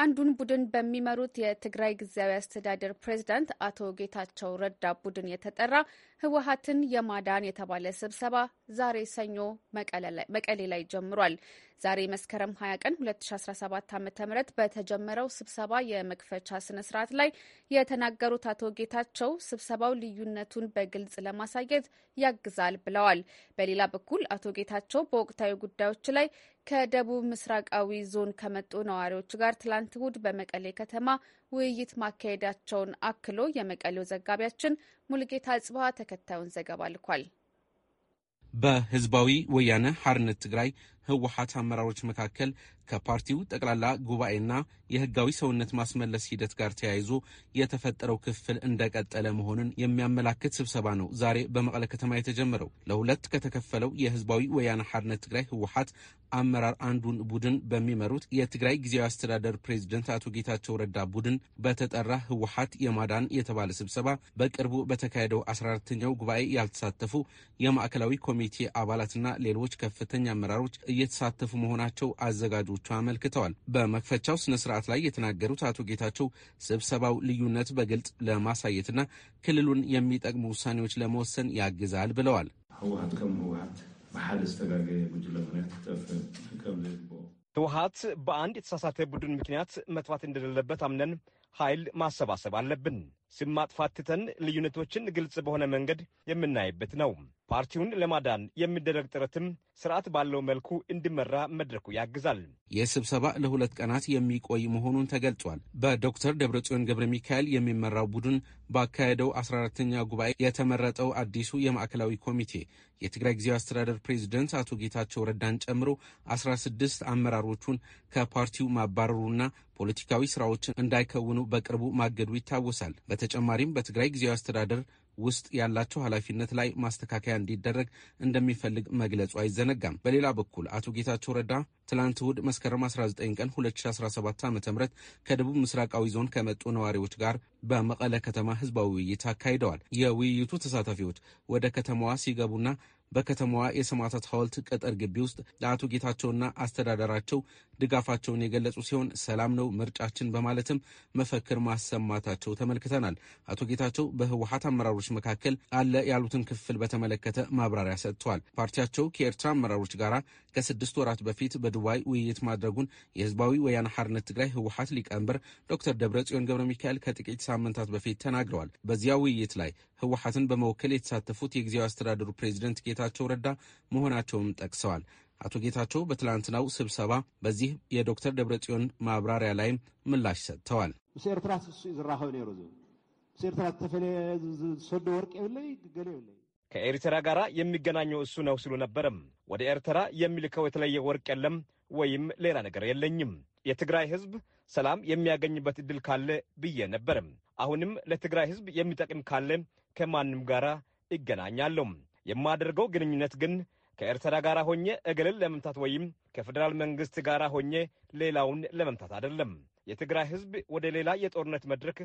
አንዱን ቡድን በሚመሩት የትግራይ ጊዜያዊ አስተዳደር ፕሬዝዳንት አቶ ጌታቸው ረዳ ቡድን የተጠራ ህወሀትን የማዳን የተባለ ስብሰባ ዛሬ ሰኞ መቀሌ ላይ ጀምሯል። ዛሬ መስከረም 20 ቀን 2017 ዓ ም በተጀመረው ስብሰባ የመክፈቻ ስነስርዓት ላይ የተናገሩት አቶ ጌታቸው ስብሰባው ልዩነቱን በግልጽ ለማሳየት ያግዛል ብለዋል። በሌላ በኩል አቶ ጌታቸው በወቅታዊ ጉዳዮች ላይ ከደቡብ ምስራቃዊ ዞን ከመጡ ነዋሪዎች ጋር ትላንት እሁድ በመቀሌ ከተማ ውይይት ማካሄዳቸውን አክሎ የመቀሌው ዘጋቢያችን ሙልጌታ ጽበሀ ተከታዩን ዘገባ ልኳል። በህዝባዊ ወያነ ሐርነት ትግራይ ህወሓት አመራሮች መካከል ከፓርቲው ጠቅላላ ጉባኤና የህጋዊ ሰውነት ማስመለስ ሂደት ጋር ተያይዞ የተፈጠረው ክፍል እንደቀጠለ መሆኑን የሚያመላክት ስብሰባ ነው ዛሬ በመቀለ ከተማ የተጀመረው። ለሁለት ከተከፈለው የህዝባዊ ወያነ ሓርነት ትግራይ ህወሓት አመራር አንዱን ቡድን በሚመሩት የትግራይ ጊዜያዊ አስተዳደር ፕሬዚደንት አቶ ጌታቸው ረዳ ቡድን በተጠራ ህወሓት የማዳን የተባለ ስብሰባ በቅርቡ በተካሄደው 14ኛው ጉባኤ ያልተሳተፉ የማዕከላዊ ኮሚቴ አባላትና ሌሎች ከፍተኛ አመራሮች እየተሳተፉ መሆናቸው አዘጋጆቹ አመልክተዋል። በመክፈቻው ስነ ስርዓት ላይ የተናገሩት አቶ ጌታቸው ስብሰባው ልዩነት በግልጽ ለማሳየትና ክልሉን የሚጠቅሙ ውሳኔዎች ለመወሰን ያግዛል ብለዋል። ህወሀት ከም ህወሀት ብሓደ ዝተጋገየ ጉጅለ ምክንያት ክጠፍእ በአንድ የተሳሳተ ቡድን ምክንያት መጥፋት እንደሌለበት አምነን ኃይል ማሰባሰብ አለብን። ስም ማጥፋት ትተን ልዩነቶችን ግልጽ በሆነ መንገድ የምናይበት ነው። ፓርቲውን ለማዳን የሚደረግ ጥረትም ስርዓት ባለው መልኩ እንዲመራ መድረኩ ያግዛል። ይህ ስብሰባ ለሁለት ቀናት የሚቆይ መሆኑን ተገልጿል። በዶክተር ደብረጽዮን ገብረ ሚካኤል የሚመራው ቡድን ባካሄደው 14ኛ ጉባኤ የተመረጠው አዲሱ የማዕከላዊ ኮሚቴ የትግራይ ጊዜያዊ አስተዳደር ፕሬዚደንት አቶ ጌታቸው ረዳን ጨምሮ 16 አመራሮቹን ከፓርቲው ማባረሩና ፖለቲካዊ ስራዎችን እንዳይከውኑ በቅርቡ ማገዱ ይታወሳል። በተጨማሪም በትግራይ ጊዜያዊ አስተዳደር ውስጥ ያላቸው ኃላፊነት ላይ ማስተካከያ እንዲደረግ እንደሚፈልግ መግለጹ አይዘነጋም። በሌላ በኩል አቶ ጌታቸው ረዳ ትላንት እሁድ መስከረም 19 ቀን 2017 ዓ ም ከደቡብ ምስራቃዊ ዞን ከመጡ ነዋሪዎች ጋር በመቀለ ከተማ ህዝባዊ ውይይት አካሂደዋል። የውይይቱ ተሳታፊዎች ወደ ከተማዋ ሲገቡና በከተማዋ የሰማዕታት ሐውልት ቅጥር ግቢ ውስጥ ለአቶ ጌታቸውና አስተዳደራቸው ድጋፋቸውን የገለጹ ሲሆን ሰላም ነው ምርጫችን በማለትም መፈክር ማሰማታቸው ተመልክተናል። አቶ ጌታቸው በህወሀት አመራሮች መካከል አለ ያሉትን ክፍል በተመለከተ ማብራሪያ ሰጥተዋል። ፓርቲያቸው ከኤርትራ አመራሮች ጋር ከስድስት ወራት በፊት በዱባይ ውይይት ማድረጉን የህዝባዊ ወያነ ሀርነት ትግራይ ህወሀት ሊቀመንበር ዶክተር ደብረ ጽዮን ገብረ ሚካኤል ከጥቂት ሳምንታት በፊት ተናግረዋል። በዚያ ውይይት ላይ ህወሀትን በመወከል የተሳተፉት የጊዜያዊ አስተዳደሩ ፕሬዚደንት ጌታቸው ረዳ መሆናቸውም ጠቅሰዋል። አቶ ጌታቸው በትላንትናው ስብሰባ በዚህ የዶክተር ደብረጽዮን ማብራሪያ ላይ ምላሽ ሰጥተዋል። ምስ ኤርትራ ዝራኸብ ነይሩ ምስ ኤርትራ ዝተፈለየ ዝሰዶ ወርቅ የብለይ ገለ የብለይ ከኤርትራ ጋር የሚገናኘው እሱ ነው ሲሉ ነበርም። ወደ ኤርትራ የሚልከው የተለየ ወርቅ የለም ወይም ሌላ ነገር የለኝም። የትግራይ ሕዝብ ሰላም የሚያገኝበት እድል ካለ ብዬ ነበርም። አሁንም ለትግራይ ሕዝብ የሚጠቅም ካለ ከማንም ጋር ይገናኛለሁ። የማደርገው ግንኙነት ግን ከኤርትራ ጋር ሆኜ እግልን ለመምታት ወይም ከፌዴራል መንግስት ጋር ሆኜ ሌላውን ለመምታት አይደለም። የትግራይ ህዝብ ወደ ሌላ የጦርነት መድረክ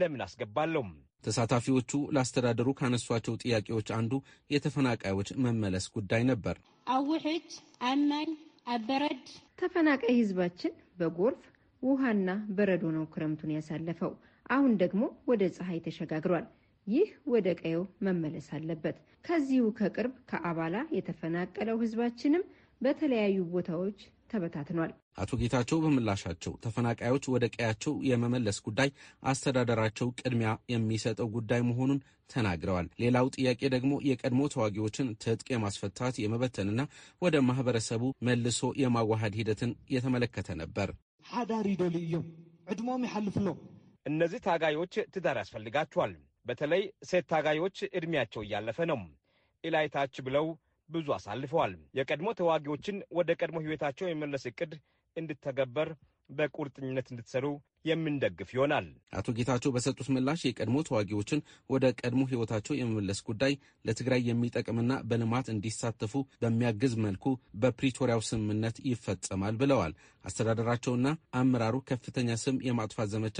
ለምን አስገባለሁ? ተሳታፊዎቹ ለአስተዳደሩ ካነሷቸው ጥያቄዎች አንዱ የተፈናቃዮች መመለስ ጉዳይ ነበር። አውሕጅ አናይ አበረድ ተፈናቃይ ህዝባችን በጎርፍ ውሃና በረዶ ነው ክረምቱን ያሳለፈው። አሁን ደግሞ ወደ ፀሐይ ተሸጋግሯል። ይህ ወደ ቀየው መመለስ አለበት። ከዚሁ ከቅርብ ከአባላ የተፈናቀለው ህዝባችንም በተለያዩ ቦታዎች ተበታትኗል። አቶ ጌታቸው በምላሻቸው ተፈናቃዮች ወደ ቀያቸው የመመለስ ጉዳይ አስተዳደራቸው ቅድሚያ የሚሰጠው ጉዳይ መሆኑን ተናግረዋል። ሌላው ጥያቄ ደግሞ የቀድሞ ተዋጊዎችን ትጥቅ የማስፈታት የመበተንና ወደ ማህበረሰቡ መልሶ የማዋሃድ ሂደትን የተመለከተ ነበር። ሓዳር ይደልዩ እዮም ዕድሞም ይሓልፍሎም እነዚህ ታጋዮች ትዳር ያስፈልጋቸዋል በተለይ ሴት ታጋዮች ዕድሜያቸው እያለፈ ነው። ኢላይታች ብለው ብዙ አሳልፈዋል። የቀድሞ ተዋጊዎችን ወደ ቀድሞ ሕይወታቸው የመለስ ዕቅድ እንድተገበር በቁርጠኝነት እንድትሰሩ የምንደግፍ ይሆናል። አቶ ጌታቸው በሰጡት ምላሽ የቀድሞ ተዋጊዎችን ወደ ቀድሞ ሕይወታቸው የመመለስ ጉዳይ ለትግራይ የሚጠቅምና በልማት እንዲሳተፉ በሚያግዝ መልኩ በፕሪቶሪያው ስምምነት ይፈጸማል ብለዋል። አስተዳደራቸውና አመራሩ ከፍተኛ ስም የማጥፋት ዘመቻ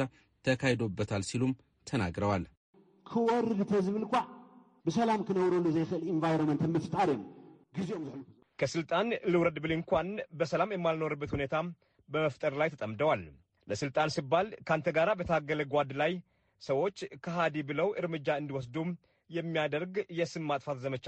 ተካሂዶበታል ሲሉም ተናግረዋል። ክወርድ ተዝብል እኳ ብሰላም ክነብረሉ ዘይኽእል ኢንቫይሮመንት ምፍጣር እዮም ግዜኦም ዘሕልፉ ከስልጣን ልውረድ ብል እንኳን በሰላም የማልኖርበት ሁኔታ በመፍጠር ላይ ተጠምደዋል። ለስልጣን ሲባል ካንተ ጋር በታገለ ጓድ ላይ ሰዎች ከሃዲ ብለው እርምጃ እንዲወስዱ የሚያደርግ የስም ማጥፋት ዘመቻ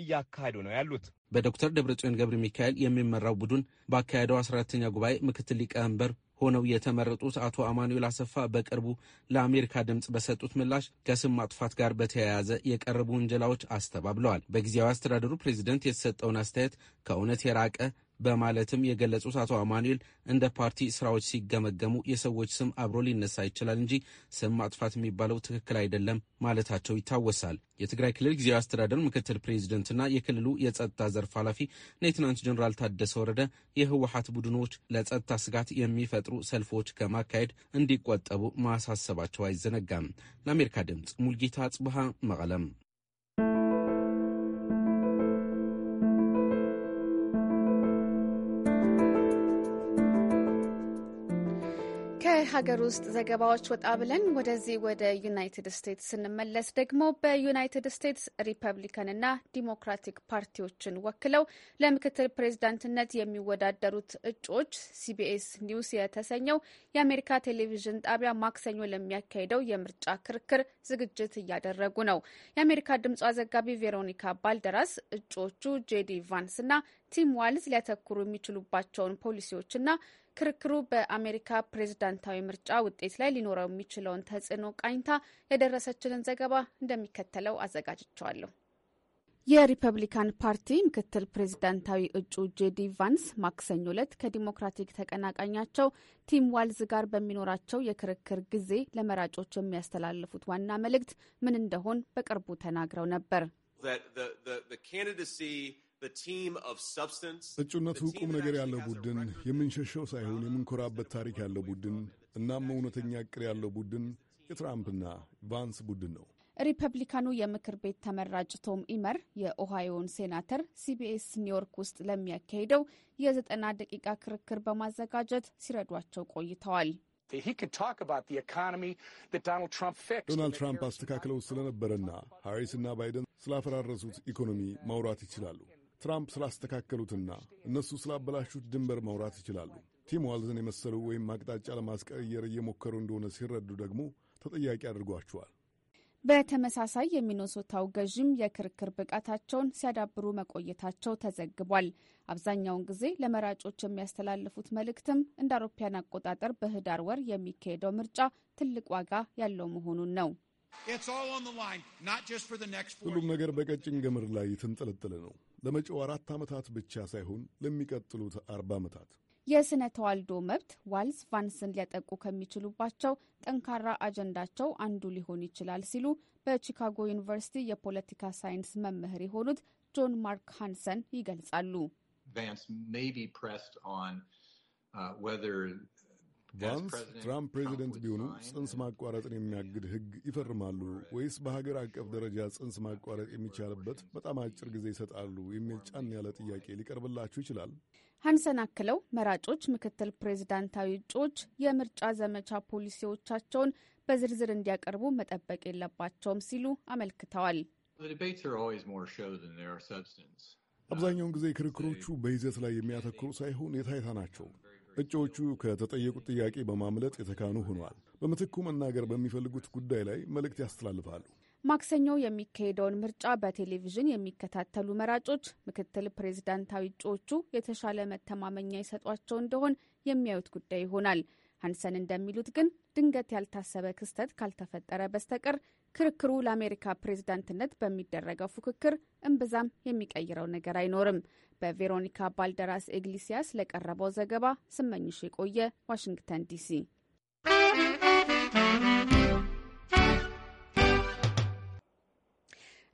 እያካሄዱ ነው ያሉት በዶክተር ደብረጽዮን ገብረ ሚካኤል የሚመራው ቡድን በአካሄደው 14ተኛ ጉባኤ ምክትል ሊቀመንበር ሆነው የተመረጡት አቶ አማኑኤል አሰፋ በቅርቡ ለአሜሪካ ድምፅ በሰጡት ምላሽ ከስም ማጥፋት ጋር በተያያዘ የቀረቡ ውንጀላዎች አስተባብለዋል። በጊዜያዊ አስተዳደሩ ፕሬዚደንት የተሰጠውን አስተያየት ከእውነት የራቀ በማለትም የገለጹት አቶ አማኑኤል እንደ ፓርቲ ስራዎች ሲገመገሙ የሰዎች ስም አብሮ ሊነሳ ይችላል እንጂ ስም ማጥፋት የሚባለው ትክክል አይደለም ማለታቸው ይታወሳል። የትግራይ ክልል ጊዜያዊ አስተዳደር ምክትል ፕሬዚደንትና የክልሉ የጸጥታ ዘርፍ ኃላፊ ሌትናንት ጀኔራል ታደሰ ወረደ የህወሀት ቡድኖች ለጸጥታ ስጋት የሚፈጥሩ ሰልፎች ከማካሄድ እንዲቆጠቡ ማሳሰባቸው አይዘነጋም። ለአሜሪካ ድምፅ ሙልጌታ ጽብሃ መቀለም ሀገር ውስጥ ዘገባዎች ወጣ ብለን ወደዚህ ወደ ዩናይትድ ስቴትስ ስንመለስ ደግሞ በዩናይትድ ስቴትስ ሪፐብሊካንና ዲሞክራቲክ ፓርቲዎችን ወክለው ለምክትል ፕሬዚዳንትነት የሚወዳደሩት እጩዎች ሲቢኤስ ኒውስ የተሰኘው የአሜሪካ ቴሌቪዥን ጣቢያ ማክሰኞ ለሚያካሄደው የምርጫ ክርክር ዝግጅት እያደረጉ ነው። የአሜሪካ ድምጿ ዘጋቢ ቬሮኒካ ባልደራስ እጩዎቹ ጄዲ ቫንስ እና ቲም ዋልዝ ሊያተኩሩ የሚችሉባቸውን ፖሊሲዎችና ክርክሩ በአሜሪካ ፕሬዝዳንታዊ ምርጫ ውጤት ላይ ሊኖረው የሚችለውን ተጽዕኖ ቃኝታ የደረሰችልን ዘገባ እንደሚከተለው አዘጋጅቸዋለሁ። የሪፐብሊካን ፓርቲ ምክትል ፕሬዝዳንታዊ እጩ ጄዲ ቫንስ ማክሰኞ ዕለት ከዲሞክራቲክ ተቀናቃኛቸው ቲም ዋልዝ ጋር በሚኖራቸው የክርክር ጊዜ ለመራጮች የሚያስተላልፉት ዋና መልእክት ምን እንደሆን በቅርቡ ተናግረው ነበር። እጩነቱ ቁም ነገር ያለው ቡድን፣ የምንሸሸው ሳይሆን um, የምንኮራበት ታሪክ ያለው ቡድን፣ um, እናም እውነተኛ ዕቅድ ያለው ቡድን um, የትራምፕና ቫንስ ቡድን ነው። ሪፐብሊካኑ የምክር ቤት ተመራጭ ቶም ኢመር የኦሃዮን ሴናተር ሲቢኤስ ኒውዮርክ ውስጥ ለሚያካሂደው የዘጠና ደቂቃ ክርክር በማዘጋጀት ሲረዷቸው ቆይተዋል። ዶናልድ ትራምፕ አስተካክለው ስለነበረና ሃሪስና ባይደን ስላፈራረሱት ኢኮኖሚ ማውራት ይችላሉ። ትራምፕ ስላስተካከሉትና እነሱ ስላበላሹት ድንበር ማውራት ይችላሉ። ቲም ዋልዝን የመሰሉ ወይም አቅጣጫ ለማስቀየር እየሞከሩ እንደሆነ ሲረዱ ደግሞ ተጠያቂ አድርጓቸዋል። በተመሳሳይ የሚኖሶታው ገዥም የክርክር ብቃታቸውን ሲያዳብሩ መቆየታቸው ተዘግቧል። አብዛኛውን ጊዜ ለመራጮች የሚያስተላልፉት መልእክትም እንደ አውሮፓያን አቆጣጠር በህዳር ወር የሚካሄደው ምርጫ ትልቅ ዋጋ ያለው መሆኑን ነው። ሁሉም ነገር በቀጭን ገመድ ላይ የተንጠለጠለ ነው። ለመጪው አራት ዓመታት ብቻ ሳይሆን ለሚቀጥሉት አርባ ዓመታት የስነ ተዋልዶ መብት ዋልስ ቫንስን ሊያጠቁ ከሚችሉባቸው ጠንካራ አጀንዳቸው አንዱ ሊሆን ይችላል ሲሉ በቺካጎ ዩኒቨርሲቲ የፖለቲካ ሳይንስ መምህር የሆኑት ጆን ማርክ ሃንሰን ይገልጻሉ። ቫንስ ትራምፕ ፕሬዚደንት ቢሆኑ ጽንስ ማቋረጥን የሚያግድ ሕግ ይፈርማሉ ወይስ በሀገር አቀፍ ደረጃ ጽንስ ማቋረጥ የሚቻልበት በጣም አጭር ጊዜ ይሰጣሉ የሚል ጫን ያለ ጥያቄ ሊቀርብላችሁ ይችላል። ሀንሰን አክለው መራጮች ምክትል ፕሬዚዳንታዊ እጩዎች የምርጫ ዘመቻ ፖሊሲዎቻቸውን በዝርዝር እንዲያቀርቡ መጠበቅ የለባቸውም ሲሉ አመልክተዋል። አብዛኛውን ጊዜ uh, ክርክሮቹ በይዘት ላይ የሚያተኩሩ ሳይሆን የታይታ ናቸው። እጩዎቹ ከተጠየቁት ጥያቄ በማምለጥ የተካኑ ሆነዋል። በምትኩ መናገር በሚፈልጉት ጉዳይ ላይ መልእክት ያስተላልፋሉ። ማክሰኞ የሚካሄደውን ምርጫ በቴሌቪዥን የሚከታተሉ መራጮች ምክትል ፕሬዚዳንታዊ እጩዎቹ የተሻለ መተማመኛ ይሰጧቸው እንደሆን የሚያዩት ጉዳይ ይሆናል። ሀንሰን እንደሚሉት ግን ድንገት ያልታሰበ ክስተት ካልተፈጠረ በስተቀር ክርክሩ ለአሜሪካ ፕሬዝዳንትነት በሚደረገው ፉክክር እምብዛም የሚቀይረው ነገር አይኖርም። በቬሮኒካ ባልደራስ ኢግሊሲያስ ለቀረበው ዘገባ ስመኝሽ የቆየ ዋሽንግተን ዲሲ።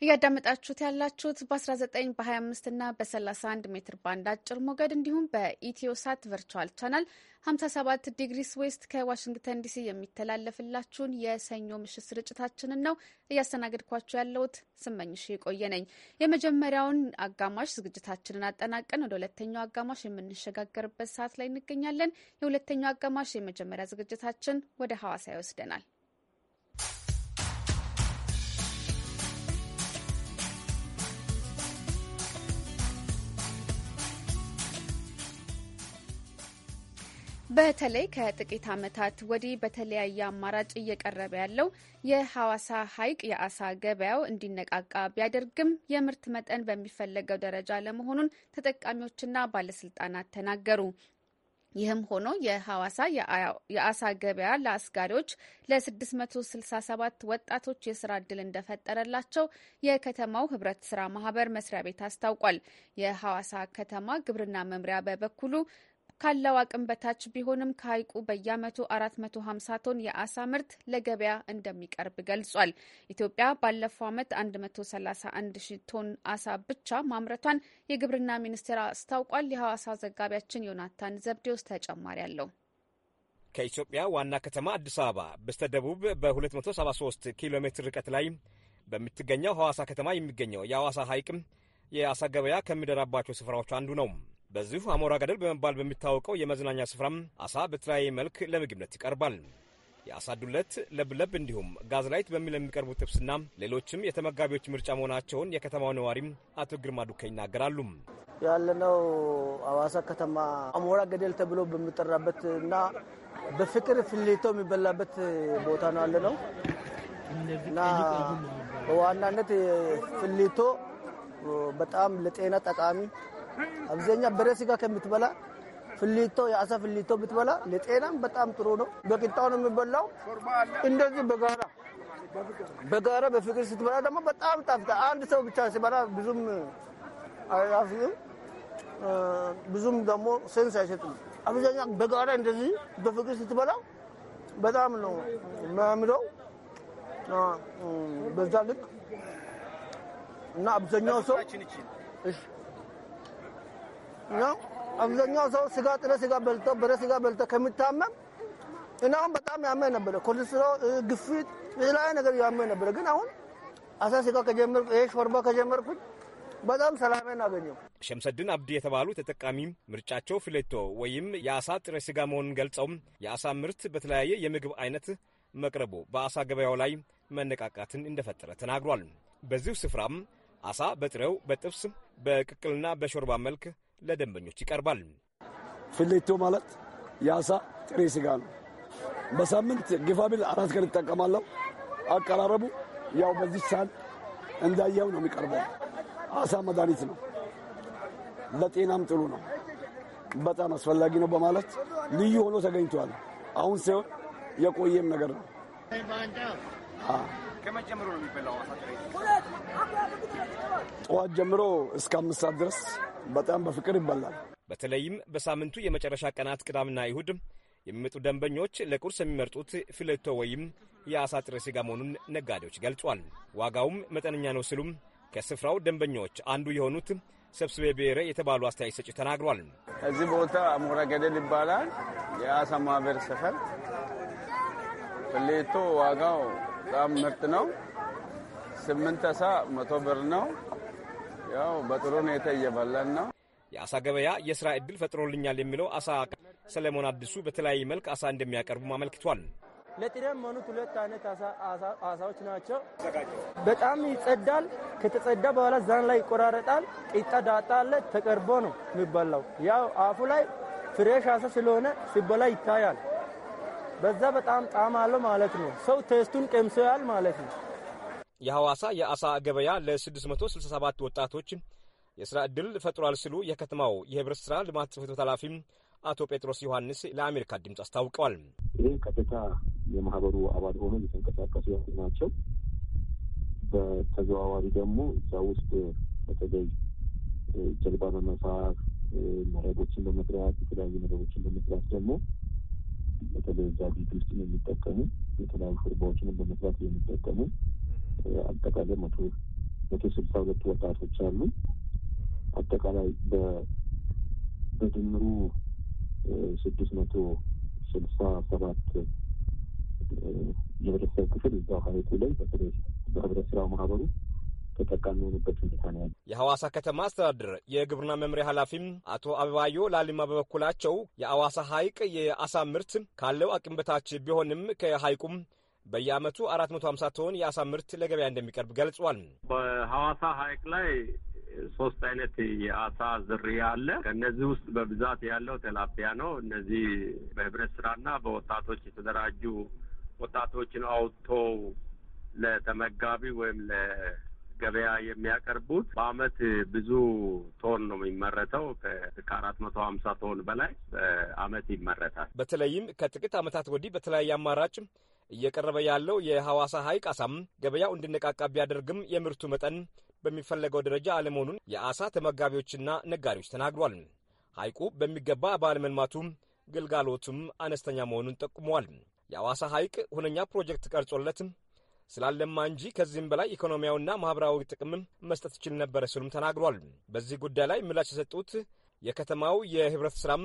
እያዳመጣችሁት ያላችሁት በ19 በ25 እና በ31 ሜትር ባንድ አጭር ሞገድ እንዲሁም በኢትዮሳት ቨርቹዋል ቻናል 57 ዲግሪስ ዌስት ከዋሽንግተን ዲሲ የሚተላለፍላችሁን የሰኞ ምሽት ስርጭታችንን ነው። እያስተናገድኳችሁ ያለሁት ስመኝሽ የቆየ ነኝ። የመጀመሪያውን አጋማሽ ዝግጅታችንን አጠናቀን ወደ ሁለተኛው አጋማሽ የምንሸጋገርበት ሰዓት ላይ እንገኛለን። የሁለተኛው አጋማሽ የመጀመሪያ ዝግጅታችን ወደ ሐዋሳ ይወስደናል። በተለይ ከጥቂት ዓመታት ወዲህ በተለያየ አማራጭ እየቀረበ ያለው የሐዋሳ ሐይቅ የአሳ ገበያው እንዲነቃቃ ቢያደርግም የምርት መጠን በሚፈለገው ደረጃ ለመሆኑን ተጠቃሚዎችና ባለስልጣናት ተናገሩ። ይህም ሆኖ የሐዋሳ የአሳ ገበያ ለአስጋሪዎች ለ667 ወጣቶች የስራ እድል እንደፈጠረላቸው የከተማው ህብረት ስራ ማህበር መስሪያ ቤት አስታውቋል። የሐዋሳ ከተማ ግብርና መምሪያ በበኩሉ ካለው አቅም በታች ቢሆንም ከሐይቁ በየዓመቱ 450 ቶን የአሳ ምርት ለገበያ እንደሚቀርብ ገልጿል። ኢትዮጵያ ባለፈው ዓመት 131 ሺ ቶን አሳ ብቻ ማምረቷን የግብርና ሚኒስቴር አስታውቋል። የሐዋሳ ዘጋቢያችን ዮናታን ዘብዴውስ ተጨማሪ አለው። ከኢትዮጵያ ዋና ከተማ አዲስ አበባ በስተደቡብ በ273 ኪሎ ሜትር ርቀት ላይ በምትገኘው ሐዋሳ ከተማ የሚገኘው የሐዋሳ ሐይቅም የአሳ ገበያ ከሚደራባቸው ስፍራዎች አንዱ ነው። በዚሁ አሞራ ገደል በመባል በሚታወቀው የመዝናኛ ስፍራም አሳ በተለያየ መልክ ለምግብነት ይቀርባል። የአሳ ዱለት፣ ለብለብ እንዲሁም ጋዝላይት በሚል የሚቀርቡ ጥብስና ሌሎችም የተመጋቢዎች ምርጫ መሆናቸውን የከተማው ነዋሪም አቶ ግርማ ዱካ ይናገራሉ። ያለነው አዋሳ ከተማ አሞራ ገደል ተብሎ በሚጠራበት እና በፍቅር ፍሌቶ የሚበላበት ቦታ ነው ያለ ነው እና በዋናነት ፍሌቶ በጣም ለጤና ጠቃሚ አብዛኛ በሬ ስጋ ከምትበላ ፍሊቶ የአሳ ፍሊቶ ብትበላ ለጤናም በጣም ጥሩ ነው። በቂጣው ነው የሚበላው። እንደዚህ በጋራ በጋራ በፍቅር ስትበላ ደግሞ በጣም ጣፍጣ አንድ ሰው ብቻ ሲበላ ብዙም አያፍም፣ ብዙም ደግሞ ሴንስ አይሰጥም። አብዛኛ በጋራ እንደዚህ በፍቅር ስትበላ በጣም ነው የሚያምረው። በዛ ልክ እና አብዛኛው ሰው ነው። አብዛኛው ሰው ስጋ ጥረ ስጋ በልቶ በረ ስጋ በልቶ ከሚታመም እና አሁን በጣም ያመ ነበረ፣ ኮሌስትሮል፣ ግፊት፣ የተለያየ ነገር ያመ ነበረ። ግን አሁን አሳ ስጋ ከጀመርኩ ይሄ ሾርባ ከጀመርኩኝ በጣም ሰላሜን አገኘው። ሸምሰድን አብዲ የተባሉ ተጠቃሚ ምርጫቸው ፍሌቶ ወይም የአሳ ጥረ ስጋ መሆኑን ገልጸው የአሳ ምርት በተለያየ የምግብ አይነት መቅረቡ በአሳ ገበያው ላይ መነቃቃትን እንደፈጠረ ተናግሯል። በዚሁ ስፍራም አሳ በጥሬው፣ በጥብስ፣ በቅቅልና በሾርባ መልክ ለደንበኞች ይቀርባል። ፍሌቶ ማለት የአሳ ጥሬ ስጋ ነው። በሳምንት ግፋ አራት ቀን ይጠቀማለሁ። አቀራረቡ ያው በዚህ ሳህን እንዳያው ነው የሚቀርበው። አሳ መድኃኒት ነው፣ ለጤናም ጥሩ ነው፣ በጣም አስፈላጊ ነው በማለት ልዩ ሆኖ ተገኝቷል። አሁን ሲሆን የቆየም ነገር ነው። ጠዋት ጀምሮ እስከ አምስት ሰዓት ድረስ በጣም በፍቅር ይበላል። በተለይም በሳምንቱ የመጨረሻ ቀናት ቅዳምና ይሁድ የሚመጡ ደንበኞች ለቁርስ የሚመርጡት ፊሌቶ ወይም የአሳ ጥሬ ሥጋ መሆኑን ነጋዴዎች ገልጿል። ዋጋውም መጠነኛ ነው ሲሉም ከስፍራው ደንበኞች አንዱ የሆኑት ሰብስቤ ብሔረ የተባሉ አስተያየት ሰጪ ተናግሯል። እዚህ ቦታ አሞራ ገደል ይባላል። የአሳ ማህበር ሰፈር ፍሌቶ ዋጋው በጣም ምርጥ ነው። ስምንት አሳ መቶ ብር ነው። ያው በጥሩ ሁኔታ እየበላን ነው። የአሳ ገበያ የስራ እድል ፈጥሮልኛል የሚለው አሳ ሰለሞን አዲሱ በተለያየ መልክ አሳ እንደሚያቀርቡም አመልክቷል። ለጥሬም ሆኑት ሁለት አይነት አሳዎች ናቸው። በጣም ይጸዳል። ከተጸዳ በኋላ ዛን ላይ ይቆራረጣል። ቂጣ ዳጣ አለ ተቀርቦ ነው የሚበላው። ያው አፉ ላይ ፍሬሽ አሳ ስለሆነ ሲበላ ይታያል። በዛ በጣም ጣዕም አለው ማለት ነው። ሰው ቴስቱን ቀምሶ ያል ማለት ነው። የሐዋሳ የአሳ ገበያ ለ667 ወጣቶች የሥራ ዕድል ፈጥሯል ሲሉ የከተማው የህብረት ሥራ ልማት ጽሕፈት ቤት ኃላፊም አቶ ጴጥሮስ ዮሐንስ ለአሜሪካ ድምፅ አስታውቀዋል። ይህ ቀጥታ የማህበሩ አባል ሆኖ እየተንቀሳቀሱ ያሉ ናቸው። በተዘዋዋሪ ደግሞ እዛ ውስጥ በተለይ ጀልባ በመፋር መረቦችን በመስራት የተለያዩ መረቦችን በመስራት ደግሞ በተለይ እዛ ቤት ውስጥ የሚጠቀሙ የተለያዩ ሾርባዎችንም በመስራት የሚጠቀሙ አጠቃላይ መቶ መቶ ስልሳ ሁለት ወጣቶች አሉ። አጠቃላይ በድምሩ ስድስት መቶ ስልሳ ሰባት የህብረተሰብ ክፍል እዛው ሀይቱ ላይ በተለይ በህብረት ስራ ማህበሩ ተጠቃሚ የሆኑበት ሁኔታ ነው ያለ የሐዋሳ ከተማ አስተዳደር የግብርና መምሪያ ኃላፊም አቶ አበባዮ ላሊማ በበኩላቸው የአዋሳ ሀይቅ የአሳ ምርት ካለው አቅም በታች ቢሆንም ከሀይቁም መቶ 450 ቶን የአሳ ምርት ለገበያ እንደሚቀርብ ገልጿል። በሐዋሳ ሐይቅ ላይ ሶስት አይነት የአሳ ዝርያ አለ። ከእነዚህ ውስጥ በብዛት ያለው ቴላፒያ ነው። እነዚህ በህብረት ስራና በወጣቶች የተደራጁ ወጣቶችን አውጥቶ ለተመጋቢ ወይም ለገበያ የሚያቀርቡት በአመት ብዙ ቶን ነው የሚመረተው። ከአራት መቶ ሀምሳ ቶን በላይ በአመት ይመረታል። በተለይም ከጥቂት አመታት ወዲህ በተለያየ አማራጭ እየቀረበ ያለው የሐዋሳ ሐይቅ አሳም ገበያው እንዲነቃቃ ቢያደርግም የምርቱ መጠን በሚፈለገው ደረጃ አለመሆኑን የአሳ ተመጋቢዎችና ነጋዴዎች ተናግሯል። ሐይቁ በሚገባ ባለመልማቱ ግልጋሎቱም አነስተኛ መሆኑን ጠቁመዋል። የአዋሳ ሐይቅ ሁነኛ ፕሮጀክት ቀርጾለት ስላለማ እንጂ ከዚህም በላይ ኢኮኖሚያዊና ማኅበራዊ ጥቅም መስጠት ይችል ነበረ ሲሉም ተናግሯል። በዚህ ጉዳይ ላይ ምላሽ የሰጡት የከተማው የህብረት ሥራም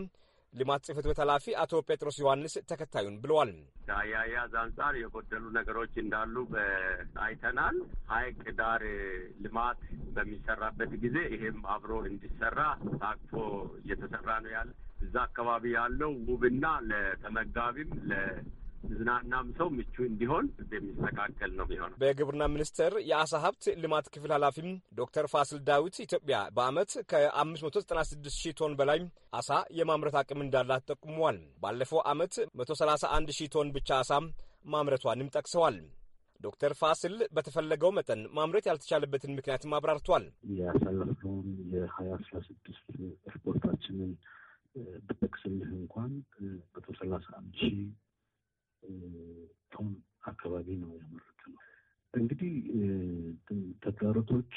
ልማት ጽሕፈት ቤት ኃላፊ አቶ ጴጥሮስ ዮሐንስ ተከታዩን ብለዋል። ከአያያዝ አንጻር የጎደሉ ነገሮች እንዳሉ አይተናል። ሀይቅ ዳር ልማት በሚሰራበት ጊዜ ይሄም አብሮ እንዲሰራ ታቅፎ እየተሰራ ነው ያለ እዛ አካባቢ ያለው ውብና ለተመጋቢም ዝናናም ሰው ምቹ እንዲሆን የሚስተካከል ነው የሚሆነው። በግብርና ሚኒስቴር የአሳ ሀብት ልማት ክፍል ኃላፊም ዶክተር ፋስል ዳዊት ኢትዮጵያ በዓመት ከ596 ሺህ ቶን በላይ አሳ የማምረት አቅም እንዳላት ጠቁመዋል። ባለፈው ዓመት 131 ሺህ ቶን ብቻ አሳ ማምረቷንም ጠቅሰዋል። ዶክተር ፋስል በተፈለገው መጠን ማምረት ያልተቻለበትን ምክንያትም አብራርቷል። ያሳለፍነውን የሀያ አስራ ስድስት ኤክስፖርታችንን ብጠቅስልህ እንኳን መቶ ሰላሳ አንድ ሺህ ቶም አካባቢ ነው ያመረተ ነው። እንግዲህ ተግዳሮቶቹ